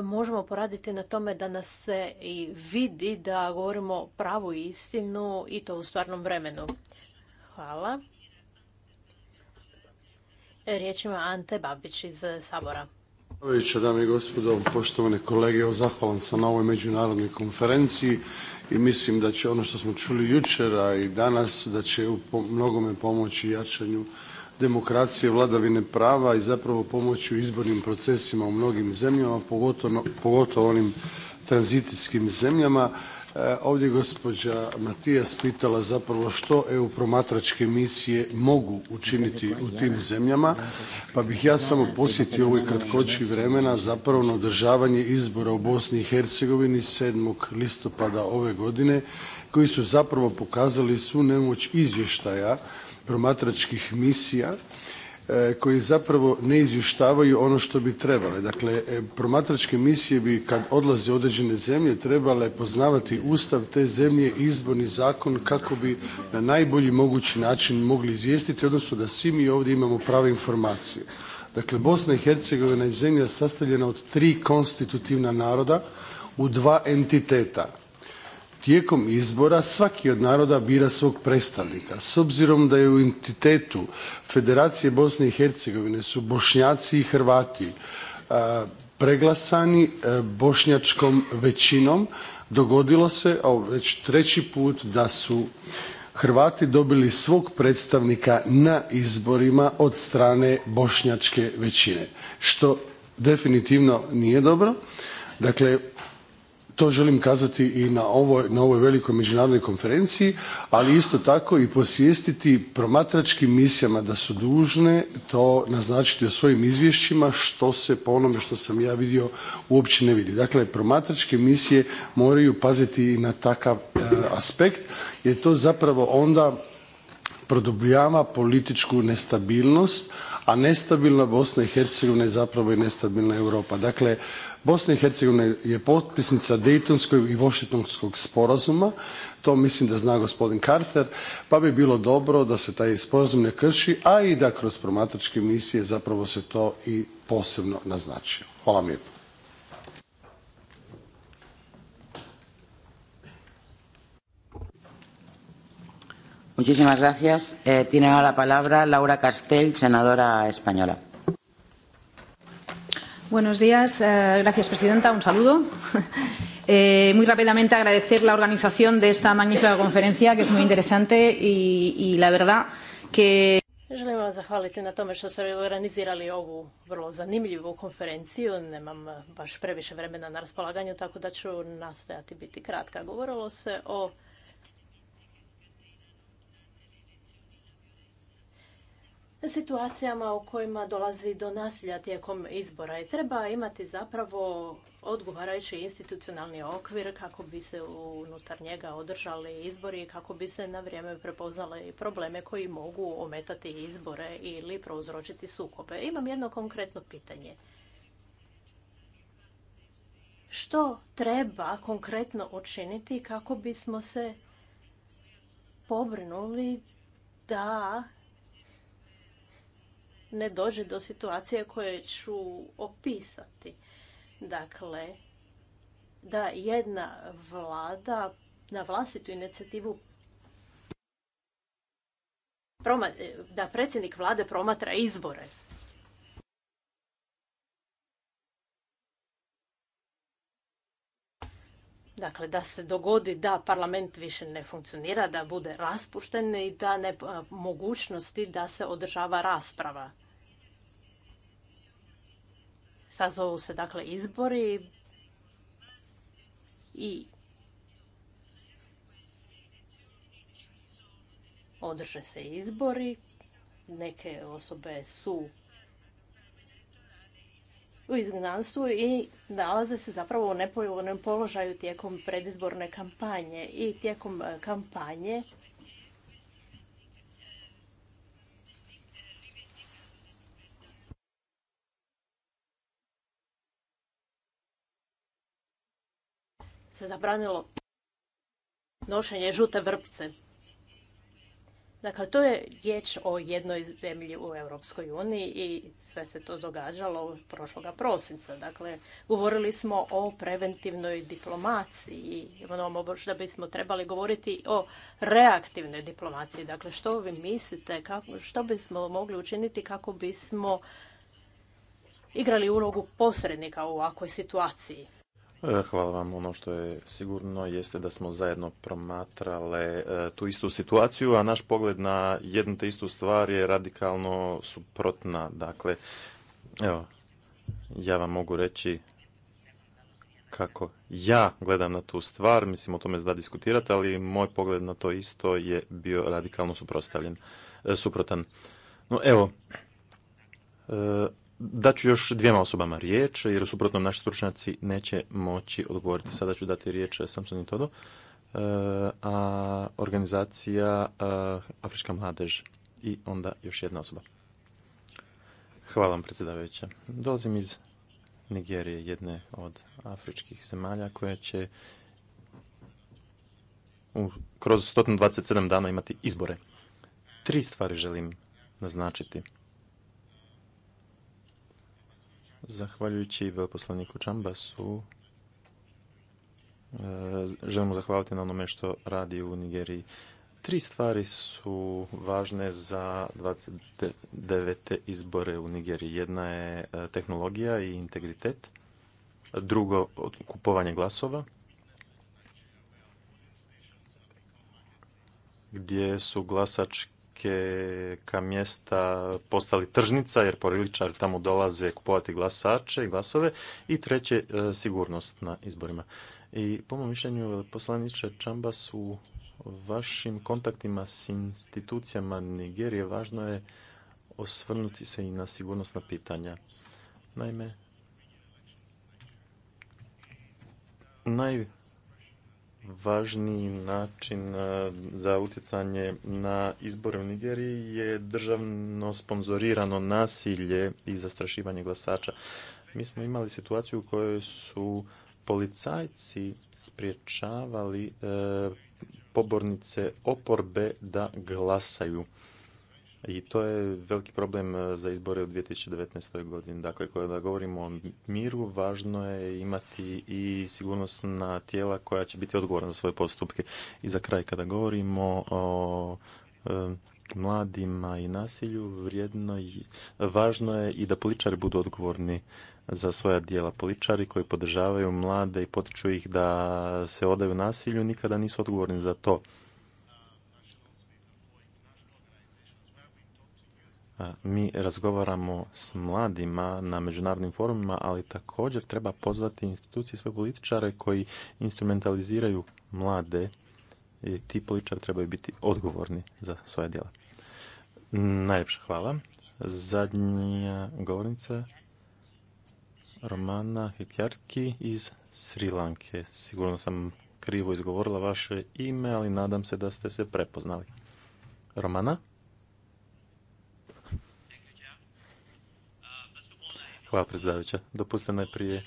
možemo poraditi na tome da nas se i vidi da govorimo pravu istinu i to u stvarnom vremenu. Hvala riječima Ante Babić iz Sabora. Dame i gospodo, poštovane kolege, evo zahvalan sam na ovoj međunarodnoj konferenciji i mislim da će ono što smo čuli jučer, a i danas, da će u mnogome pomoći jačanju demokracije, vladavine prava i zapravo pomoći u izbornim procesima u mnogim zemljama, pogotovo onim tranzicijskim zemljama. E, ovdje je gospođa Matijas pitala zapravo što EU promatračke misije mogu učiniti u tim zemljama, pa bih ja samo podsjetio u ovoj kratkoći vremena zapravo na održavanje izbora u Bosni i Hercegovini 7. listopada ove godine koji su zapravo pokazali svu nemoć izvještaja promatračkih misija E, koji zapravo ne izvještavaju ono što bi trebale. Dakle, e, promatračke misije bi kad odlaze u određene zemlje trebale poznavati Ustav te zemlje Izborni zakon kako bi na najbolji mogući način mogli izvijestiti, odnosno da svi mi ovdje imamo prave informacije. Dakle, Bosna i Hercegovina je zemlja sastavljena od tri konstitutivna naroda u dva entiteta tijekom izbora svaki od naroda bira svog predstavnika. S obzirom da je u entitetu Federacije Bosne i Hercegovine su Bošnjaci i Hrvati e, preglasani e, bošnjačkom većinom dogodilo se evo već treći put da su Hrvati dobili svog predstavnika na izborima od strane bošnjačke većine što definitivno nije dobro. Dakle, to želim kazati i na ovoj velikoj međunarodnoj konferenciji, ali isto tako i posvijestiti promatračkim misijama da su dužne to naznačiti u svojim izvješćima što se po onome što sam ja vidio uopće ne vidi. Dakle, promatračke misije moraju paziti i na takav e, aspekt jer to zapravo onda produbljava političku nestabilnost, a nestabilna BiH je zapravo i nestabilna Europa. Dakle, bih je potpisnica Dejtonskog i Washingtonskog sporazuma, to mislim da zna gospodin Carter pa bi bilo dobro da se taj sporazum ne krši, a i da kroz promatračke misije zapravo se to i posebno naznači. Hvala vam Laura senadora Buenos días, eh, gracias presidenta. Un saludo. Eh, muy rápidamente agradecer la organización de esta magnífica conferencia que es muy interesante y, y la verdad que... Želim vam zahvaliti na tome što ste organizirali ovu vrlo zanimljivu konferenciju. Nemam baš previše vremena na raspolaganju, tako da ću nastojati biti kratka. Govorilo se o situacijama u kojima dolazi do nasilja tijekom izbora i treba imati zapravo odgovarajući institucionalni okvir kako bi se unutar njega održali izbori i kako bi se na vrijeme prepoznali probleme koji mogu ometati izbore ili prouzročiti sukobe. Imam jedno konkretno pitanje. Što treba konkretno učiniti kako bismo se pobrinuli da ne dođe do situacije koje ću opisati. Dakle, da jedna vlada na vlastitu inicijativu da predsjednik vlade promatra izbore. Dakle, da se dogodi da parlament više ne funkcionira, da bude raspušten i da ne mogućnosti da se održava rasprava sazovu se dakle izbori i održe se izbori. Neke osobe su u izgnanstvu i nalaze se zapravo u nepovoljnom položaju tijekom predizborne kampanje. I tijekom e, kampanje se zabranilo nošenje žute vrpce. Dakle, to je riječ o jednoj zemlji u Europskoj uniji i sve se to događalo prošloga prosinca. Dakle, govorili smo o preventivnoj diplomaciji i onom da bismo trebali govoriti o reaktivnoj diplomaciji. Dakle, što vi mislite, kako, što bismo mogli učiniti kako bismo igrali ulogu posrednika u ovakvoj situaciji? E, hvala vam. Ono što je sigurno jeste da smo zajedno promatrale e, tu istu situaciju, a naš pogled na jednu te istu stvar je radikalno suprotna. Dakle, evo, ja vam mogu reći kako ja gledam na tu stvar, mislim o tome zna da diskutirati, ali moj pogled na to isto je bio radikalno e, suprotan. No evo, daću još dvijema osobama riječ, jer suprotnom naši stručnjaci neće moći odgovoriti. Sada ću dati riječ eh, Samson i Todo, eh, a organizacija eh, Afrička mladež i onda još jedna osoba. Hvala vam, predsjedavajuća. Dolazim iz Nigerije, jedne od afričkih zemalja koja će kroz 127 dana imati izbore. Tri stvari želim naznačiti. Zahvaljujući veleposlaniku Čambasu, e, želimo zahvaliti na onome što radi u Nigeriji. Tri stvari su važne za 29. izbore u Nigeriji. Jedna je e, tehnologija i integritet. Drugo, kupovanje glasova. Gdje su glasački ka mjesta postali tržnica, jer poriličari tamo dolaze kupovati glasače i glasove. I treće, e, sigurnost na izborima. I po mom mišljenju, poslaniče Čamba u vašim kontaktima s institucijama Nigerije važno je osvrnuti se i na sigurnosna pitanja. Naime, najvažniji način e, za utjecanje na izbore u Nigeriji je državno sponzorirano nasilje i zastrašivanje glasača. Mi smo imali situaciju u kojoj su policajci spriječavali e, pobornice oporbe da glasaju. I to je veliki problem e, za izbore u 2019. godini. Dakle, kada govorimo o miru, važno je imati i sigurnosna tijela koja će biti odgovorna za svoje postupke. I za kraj, kada govorimo o e, mladima i nasilju, vrijedno i, važno je i da političari budu odgovorni za svoja dijela. Političari koji podržavaju mlade i potiču ih da se odaju nasilju nikada nisu odgovorni za to. mi razgovaramo s mladima na međunarodnim forumima, ali također treba pozvati institucije sve političare koji instrumentaliziraju mlade i ti političari trebaju biti odgovorni za svoje djela. Najljepša hvala. Zadnja govornica Romana Hitjarki iz Sri Lanke. Sigurno sam krivo izgovorila vaše ime, ali nadam se da ste se prepoznali. Romana? Hvala predsjedavajuća. Dopustite najprije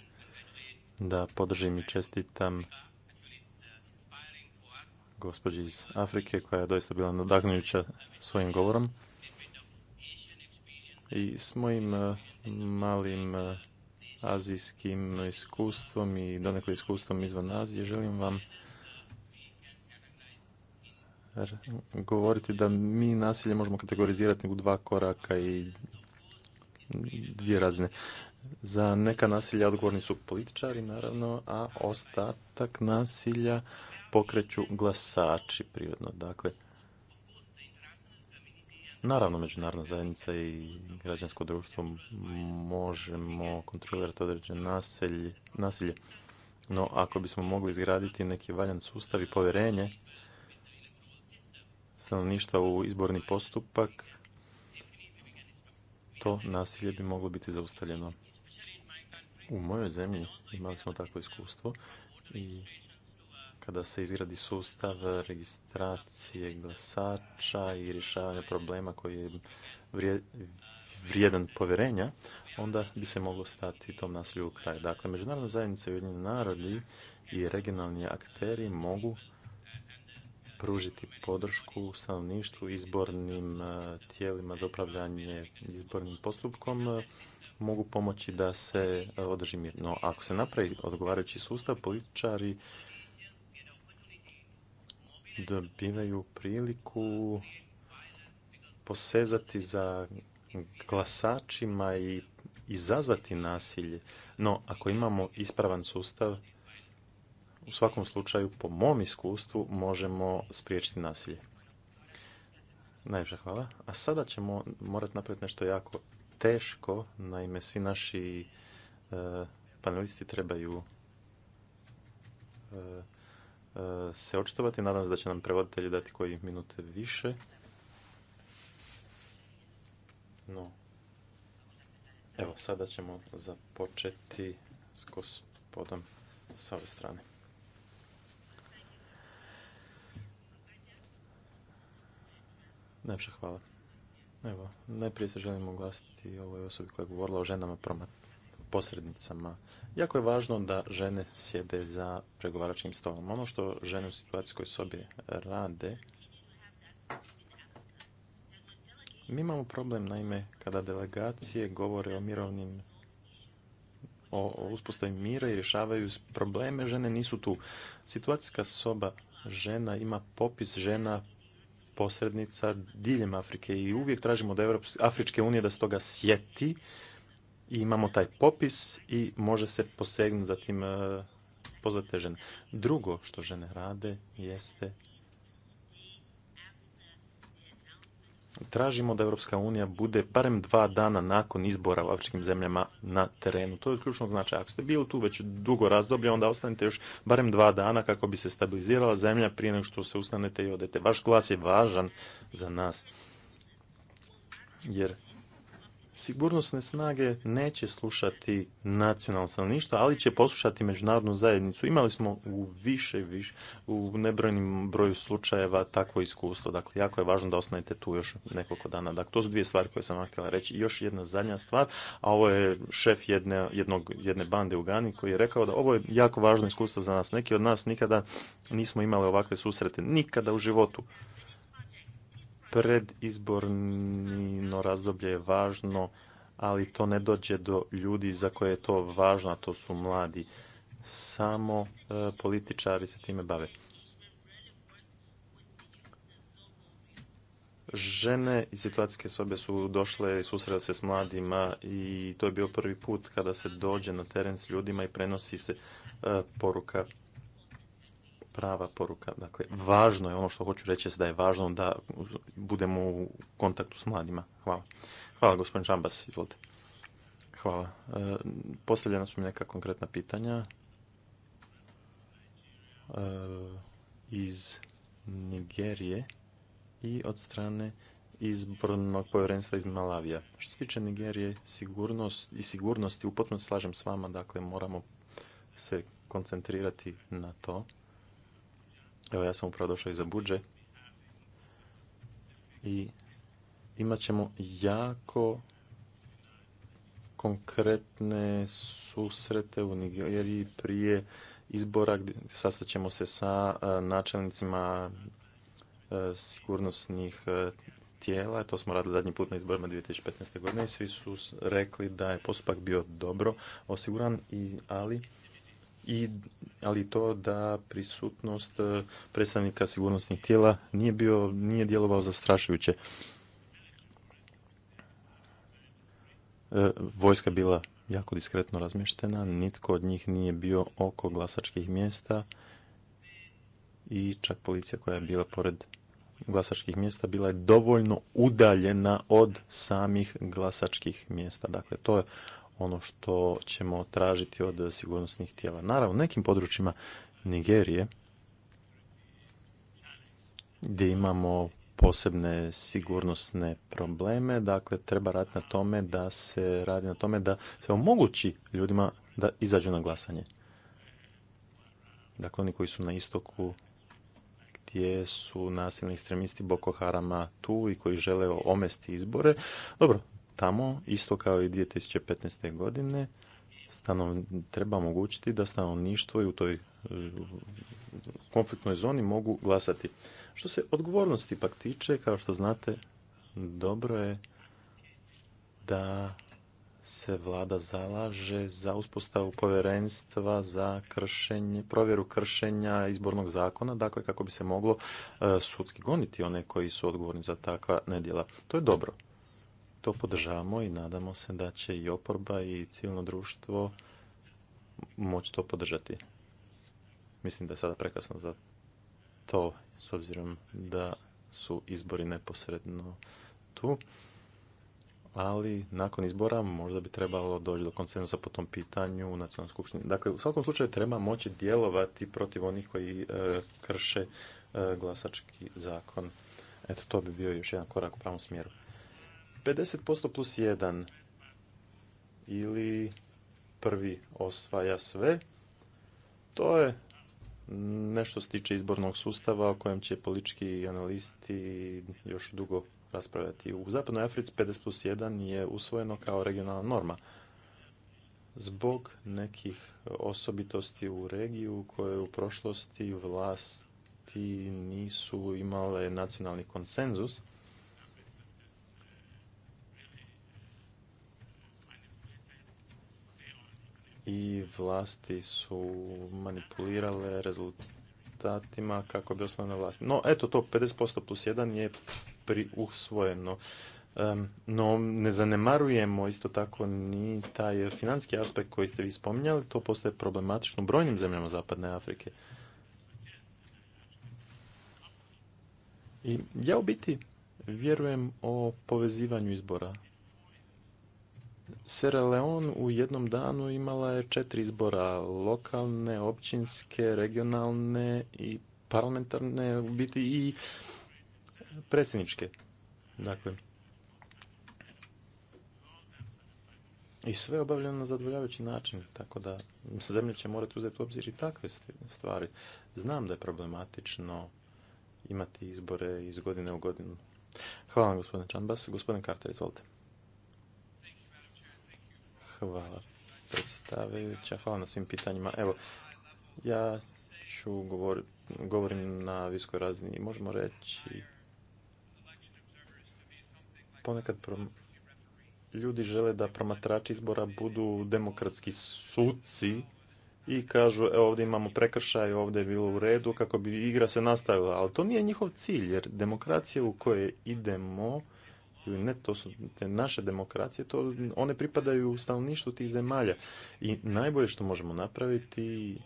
da podržim i čestitam gospođi iz Afrike koja je doista bila nadahnujuća svojim govorom. I s mojim e, malim e, azijskim iskustvom i donekle iskustvom izvan Azije želim vam govoriti da mi nasilje možemo kategorizirati u dva koraka i dvije razine. Za neka nasilja odgovorni su političari, naravno, a ostatak nasilja pokreću glasači prirodno. Dakle, naravno, međunarodna zajednica i građansko društvo možemo kontrolirati određene nasilje, nasilje. No, ako bismo mogli izgraditi neki valjan sustav i povjerenje stanovništva u izborni postupak, to nasilje bi moglo biti zaustavljeno. U mojoj zemlji imali smo takvo iskustvo i kada se izgradi sustav registracije glasača i rješavanja problema koji je vrijedan povjerenja, onda bi se moglo stati tom nasilju u kraj. Dakle, međunarodna zajednica i narodi i regionalni akteri mogu pružiti podršku stanovništvu izbornim e, tijelima za upravljanje izbornim postupkom e, mogu pomoći da se e, održi mir. No, ako se napravi odgovarajući sustav, političari dobivaju priliku posezati za glasačima i izazvati nasilje. No, ako imamo ispravan sustav, u svakom slučaju, po mom iskustvu, možemo spriječiti nasilje. Najviše hvala. A sada ćemo morati napraviti nešto jako teško. Naime, svi naši e, panelisti trebaju e, e, se očitovati. Nadam se da će nam prevoditelji dati koji minute više. No. Evo, sada ćemo započeti s gospodom s ove strane. Najpša hvala. Evo, najprije se želim oglasiti ovoj osobi koja je govorila o ženama proma posrednicama. Jako je važno da žene sjede za pregovaračkim stolom. Ono što žene u situacijskoj sobi rade, mi imamo problem, naime, kada delegacije govore o mirovnim o, o uspostavi mira i rješavaju probleme, žene nisu tu. Situacijska soba žena ima popis žena posrednica diljem Afrike i uvijek tražimo da Evropske, Afričke unije da se toga sjeti i imamo taj popis i može se posegnuti za tim eh, poznate žene. Drugo što žene rade jeste tražimo da Europska unija bude barem dva dana nakon izbora u afričkim zemljama na terenu. To je ključno značaj. Ako ste bili tu već dugo razdoblje, onda ostanite još barem dva dana kako bi se stabilizirala zemlja prije nego što se ustanete i odete. Vaš glas je važan za nas. Jer sigurnosne snage neće slušati nacionalno stanovništvo, ali će poslušati međunarodnu zajednicu. Imali smo u više, više u nebrojnim broju slučajeva takvo iskustvo. Dakle, jako je važno da ostanete tu još nekoliko dana. Dakle, to su dvije stvari koje sam vam htjela reći. I još jedna zadnja stvar, a ovo je šef jedne, jednog, jedne bande u Gani koji je rekao da ovo je jako važno iskustvo za nas. Neki od nas nikada nismo imali ovakve susrete. Nikada u životu predizborno razdoblje je važno, ali to ne dođe do ljudi za koje je to važno, a to su mladi. Samo e, političari se time bave. Žene iz situacijske sobe su došle i susrele se s mladima i to je bio prvi put kada se dođe na teren s ljudima i prenosi se e, poruka prava poruka. Dakle, važno je, ono što hoću reći da je važno da budemo u kontaktu s mladima. Hvala. Hvala, gospodin Žambas, izvolite. Hvala. E, postavljena su mi neka konkretna pitanja. E, iz Nigerije i od strane izbornog povjerenstva iz Malavija. Što se tiče Nigerije sigurnost i sigurnosti, upotno slažem s vama, dakle moramo se koncentrirati na to. Evo ja sam upravo došao za Budže i imat ćemo jako konkretne susrete u Nigeriji prije izbora. ćemo se sa e, načelnicima e, sigurnosnih e, tijela. To smo radili zadnji put na izborima 2015. godine i svi su rekli da je postupak bio dobro osiguran, i, ali i ali to da prisutnost e, predstavnika sigurnosnih tijela nije bio nije djelovao zastrašujuće. E, vojska bila jako diskretno razmještena, nitko od njih nije bio oko glasačkih mjesta i čak policija koja je bila pored glasačkih mjesta bila je dovoljno udaljena od samih glasačkih mjesta. Dakle, to je ono što ćemo tražiti od sigurnosnih tijela. Naravno, u nekim područjima Nigerije, gdje imamo posebne sigurnosne probleme, dakle treba raditi na tome da se radi na tome da se omogući ljudima da izađu na glasanje. Dakle, oni koji su na istoku gdje su nasilni ekstremisti Boko Harama tu i koji žele omesti izbore. Dobro, tamo, isto kao i 2015. godine, treba omogućiti da stanovništvo i u toj konfliktnoj zoni mogu glasati. Što se odgovornosti pak tiče, kao što znate, dobro je da se vlada zalaže za uspostavu povjerenstva za kršenje, provjeru kršenja izbornog zakona, dakle kako bi se moglo e, sudski goniti one koji su odgovorni za takva nedjela. To je dobro to podržavamo i nadamo se da će i oporba i civilno društvo moći to podržati. Mislim da je sada prekasno za to, s obzirom da su izbori neposredno tu. Ali nakon izbora možda bi trebalo doći do konsenzusa po tom pitanju u nacionalnoj skupštini. Dakle, u svakom slučaju treba moći djelovati protiv onih koji e, krše e, glasački zakon. Eto, to bi bio još jedan korak u pravom smjeru. 50% plus 1 ili prvi osvaja sve, to je nešto se tiče izbornog sustava o kojem će politički analisti još dugo raspravljati. U Zapadnoj Africi 50 plus 1 je usvojeno kao regionalna norma zbog nekih osobitosti u regiju koje u prošlosti vlasti nisu imale nacionalni konsenzus i vlasti su manipulirale rezultatima kako bi ostale na vlasti. No, eto to 50% plus 1 je pri usvojeno. No, ne zanemarujemo isto tako ni taj financijski aspekt koji ste vi spominjali, to postaje problematično u brojnim zemljama Zapadne Afrike. I ja u biti vjerujem o povezivanju izbora Sierra Leone u jednom danu imala je četiri izbora, lokalne, općinske, regionalne i parlamentarne, u biti i predsjedničke. Dakle, i sve obavljeno na zadovoljavajući način, tako da zemlje će morati uzeti u obzir i takve stvari. Znam da je problematično imati izbore iz godine u godinu. Hvala vam, gospodine Čambas. Gospodin Karter, izvolite. Hvala predstavajuća, hvala na svim pitanjima. Evo, ja ću govorim na viskoj razini. Možemo reći ponekad ljudi žele da promatrači izbora budu demokratski suci i kažu evo ovdje imamo prekršaj, ovdje je bilo u redu kako bi igra se nastavila, ali to nije njihov cilj jer demokracija u kojoj idemo ili ne, to su te naše demokracije, to, one pripadaju stanovništvu tih zemalja. I najbolje što možemo napraviti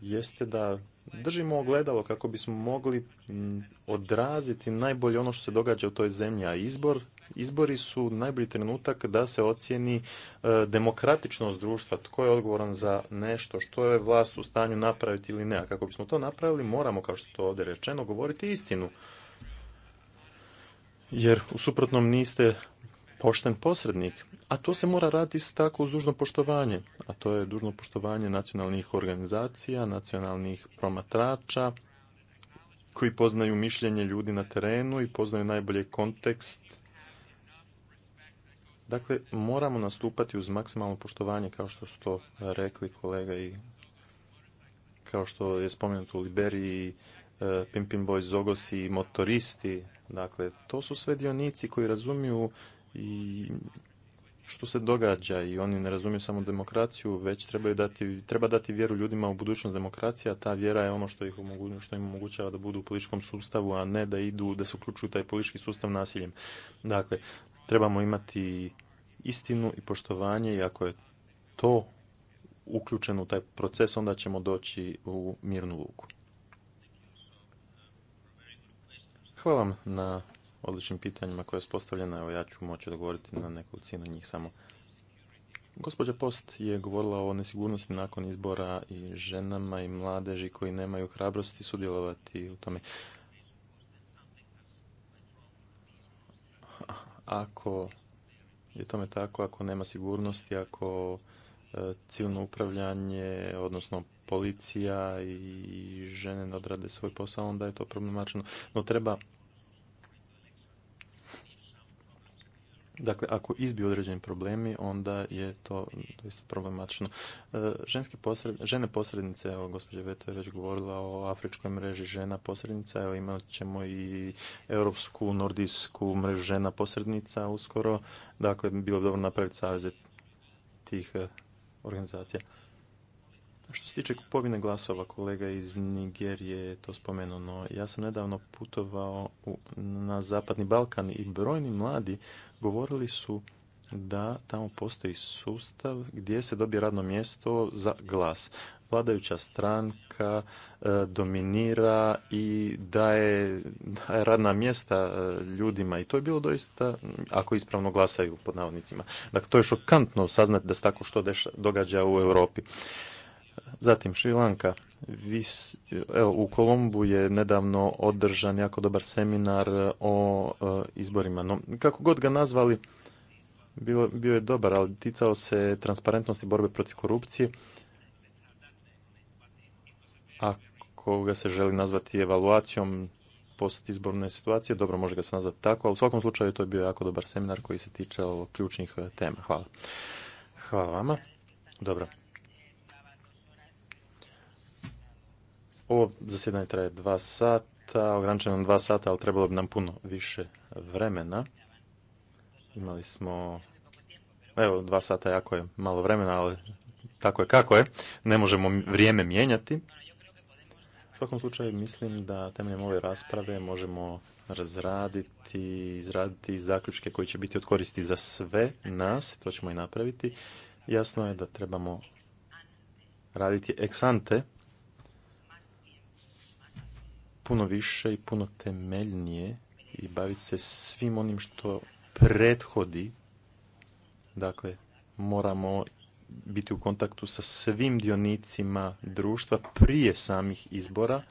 jeste da držimo ogledalo kako bismo mogli odraziti najbolje ono što se događa u toj zemlji, a izbor Izbori su najbolji trenutak da se ocijeni e, demokratičnost društva, tko je odgovoran za nešto, što je vlast u stanju napraviti ili ne. A kako bismo to napravili, moramo, kao što je to ovdje rečeno, govoriti istinu jer u suprotnom niste pošten posrednik, a to se mora raditi isto tako uz dužno poštovanje, a to je dužno poštovanje nacionalnih organizacija, nacionalnih promatrača, koji poznaju mišljenje ljudi na terenu i poznaju najbolje kontekst. Dakle, moramo nastupati uz maksimalno poštovanje, kao što su to rekli kolega i kao što je spomenuto u Liberiji, eh, Pimpin Boys, Zogosi i motoristi, Dakle, to su sve dionici koji razumiju i što se događa i oni ne razumiju samo demokraciju, već trebaju dati, treba dati vjeru ljudima u budućnost demokracija, ta vjera je ono što, ih omogućava, što im omogućava da budu u političkom sustavu, a ne da idu, da se uključuju taj politički sustav nasiljem. Dakle, trebamo imati istinu i poštovanje i ako je to uključeno u taj proces, onda ćemo doći u mirnu luku. Hvala vam na odličnim pitanjima koje je postavljena. Evo ja ću moći odgovoriti na cijenu njih samo. Gospođa Post je govorila o nesigurnosti nakon izbora i ženama i mladeži koji nemaju hrabrosti sudjelovati u tome. Ako je tome tako, ako nema sigurnosti, ako e, civilno upravljanje, odnosno policija i žene ne odrade svoj posao, onda je to problematično. No treba Dakle, ako izbiju određeni problemi, onda je to doista problematično. E, Ženske posred, žene posrednice, evo gospođa Veto je već govorila o afričkoj mreži žena posrednica, evo imat ćemo i europsku, nordijsku mrežu žena posrednica uskoro. Dakle, bilo bi dobro napraviti savjeze tih e, organizacija. Što se tiče kupovine glasova, kolega iz Nigerije je to spomenuo, ja sam nedavno putovao na Zapadni Balkan i brojni mladi govorili su da tamo postoji sustav gdje se dobije radno mjesto za glas. Vladajuća stranka e, dominira i daje, daje radna mjesta e, ljudima i to je bilo doista, ako ispravno glasaju pod navodnicima. Dakle, to je šokantno saznati da se tako što deša, događa u Europi. Zatim Šrilanka. Vis, evo, u Kolombu je nedavno održan jako dobar seminar e, o e, izborima. No, kako god ga nazvali, bio, je dobar, ali ticao se transparentnosti borbe protiv korupcije. Ako ga se želi nazvati evaluacijom post izborne situacije, dobro može ga se nazvati tako, ali u svakom slučaju to je bio jako dobar seminar koji se tiče ključnih e, tema. Hvala. Hvala vama. Dobro. Ovo zasjedanje traje dva sata, ograničeno nam dva sata, ali trebalo bi nam puno više vremena. Imali smo, evo, dva sata jako je malo vremena, ali tako je kako je. Ne možemo vrijeme mijenjati. U svakom slučaju mislim da temeljem ove rasprave možemo razraditi, izraditi zaključke koji će biti od koristi za sve nas, to ćemo i napraviti. Jasno je da trebamo raditi eksante. ante, puno više i puno temeljnije i baviti se svim onim što prethodi. Dakle, moramo biti u kontaktu sa svim dionicima društva prije samih izbora,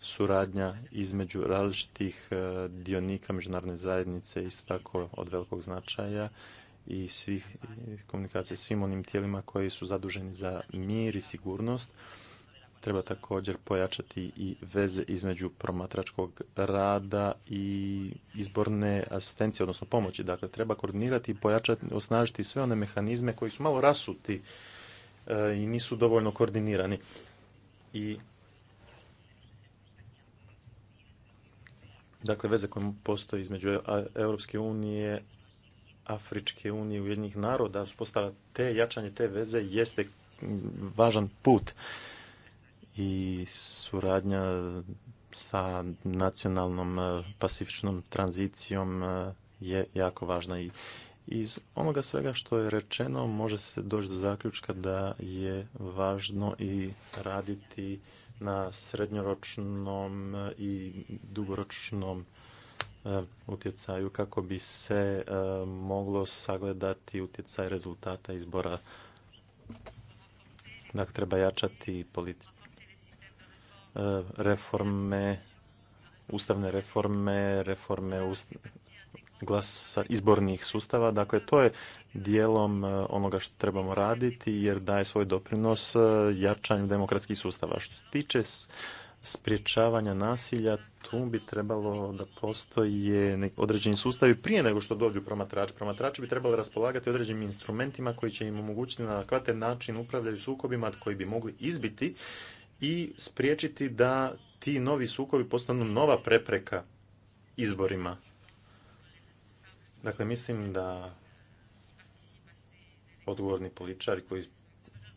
suradnja između različitih e, dionika međunarodne zajednice isto tako od velikog značaja i svih komunikacija svim onim tijelima koji su zaduženi za mir i sigurnost Treba također pojačati i veze između promatračkog rada i izborne asistencije, odnosno pomoći. Dakle, treba koordinirati i pojačati, osnažiti sve one mehanizme koji su malo rasuti e, i nisu dovoljno koordinirani. I dakle, veze koje postoje između e- Europske unije, Afričke unije, Ujedinjenih naroda, uspostava te jačanje te veze jeste važan put i suradnja sa nacionalnom e, pasifičnom tranzicijom e, je jako važna i iz onoga svega što je rečeno može se doći do zaključka da je važno i raditi na srednjoročnom e, i dugoročnom utjecaju kako bi se moglo sagledati utjecaj rezultata izbora. Dakle, treba jačati politiku. E, reforme, ustavne reforme, reforme glasa, izbornih sustava. Dakle, to je dijelom e, onoga što trebamo raditi jer daje svoj doprinos e, jačanju demokratskih sustava. Što se tiče spriječavanja nasilja, tu bi trebalo da postoje određeni sustavi prije nego što dođu promatrači. Promatrači bi trebali raspolagati određenim instrumentima koji će im omogućiti na adekvatan način upravljaju sukobima koji bi mogli izbiti i spriječiti da ti novi sukovi postanu nova prepreka izborima. Dakle, mislim da odgovorni političari koji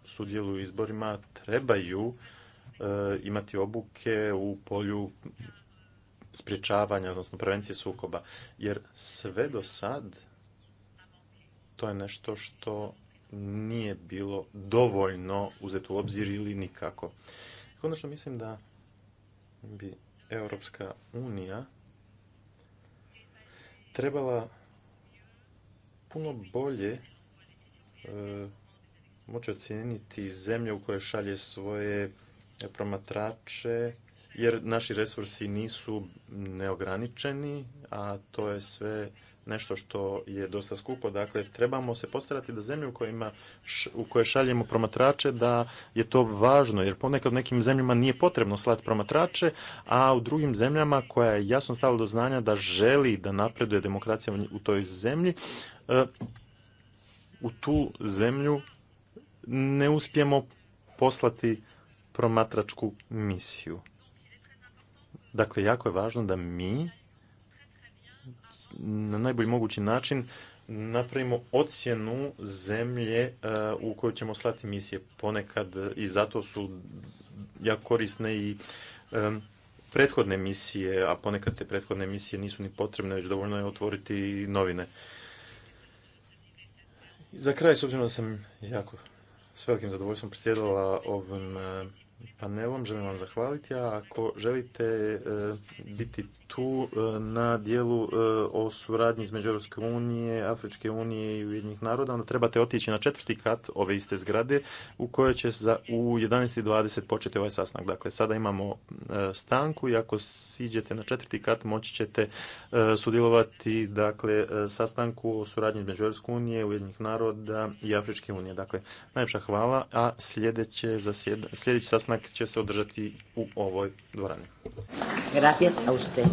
sudjeluju izborima trebaju e, imati obuke u polju sprječavanja, odnosno prevencije sukoba. Jer sve do sad to je nešto što nije bilo dovoljno uzeti u obzir ili nikako. Konačno mislim da bi Europska unija trebala puno bolje e, moći ocijeniti zemlje u koje šalje svoje e, promatrače, jer naši resursi nisu neograničeni, a to je sve nešto što je dosta skupo. Dakle, trebamo se postarati da zemlje u, kojima, u koje šaljemo promatrače, da je to važno, jer ponekad u nekim zemljama nije potrebno slati promatrače, a u drugim zemljama koja je jasno stavila do znanja da želi da napreduje demokracija u toj zemlji, e, u tu zemlju ne uspijemo poslati promatračku misiju. Dakle, jako je važno da mi na najbolji mogući način napravimo ocjenu zemlje e, u koju ćemo slati misije ponekad i zato su jako korisne i e, prethodne misije, a ponekad te prethodne misije nisu ni potrebne, već dovoljno je otvoriti novine. Za kraj, s obzirom da sam jako s velikim zadovoljstvom predsjedala ovim e, pa ne vam Želim vam zahvaliti, a ako želite e, biti tu e, na dijelu e, o suradnji između Europske unije, Afričke unije i Ujedinjenih naroda, onda trebate otići na četvrti kat ove iste zgrade u kojoj će za, u 11.20 početi ovaj sastanak. Dakle, sada imamo stanku i ako siđete na četvrti kat moći ćete sudjelovati dakle, sastanku o suradnji između Europske unije, Ujedinjenih naroda i Afričke unije. Dakle, najljepša hvala, a sljedeće, sljedeći sastanak sastanak će se održati u ovoj dvorani. Gracias a usted.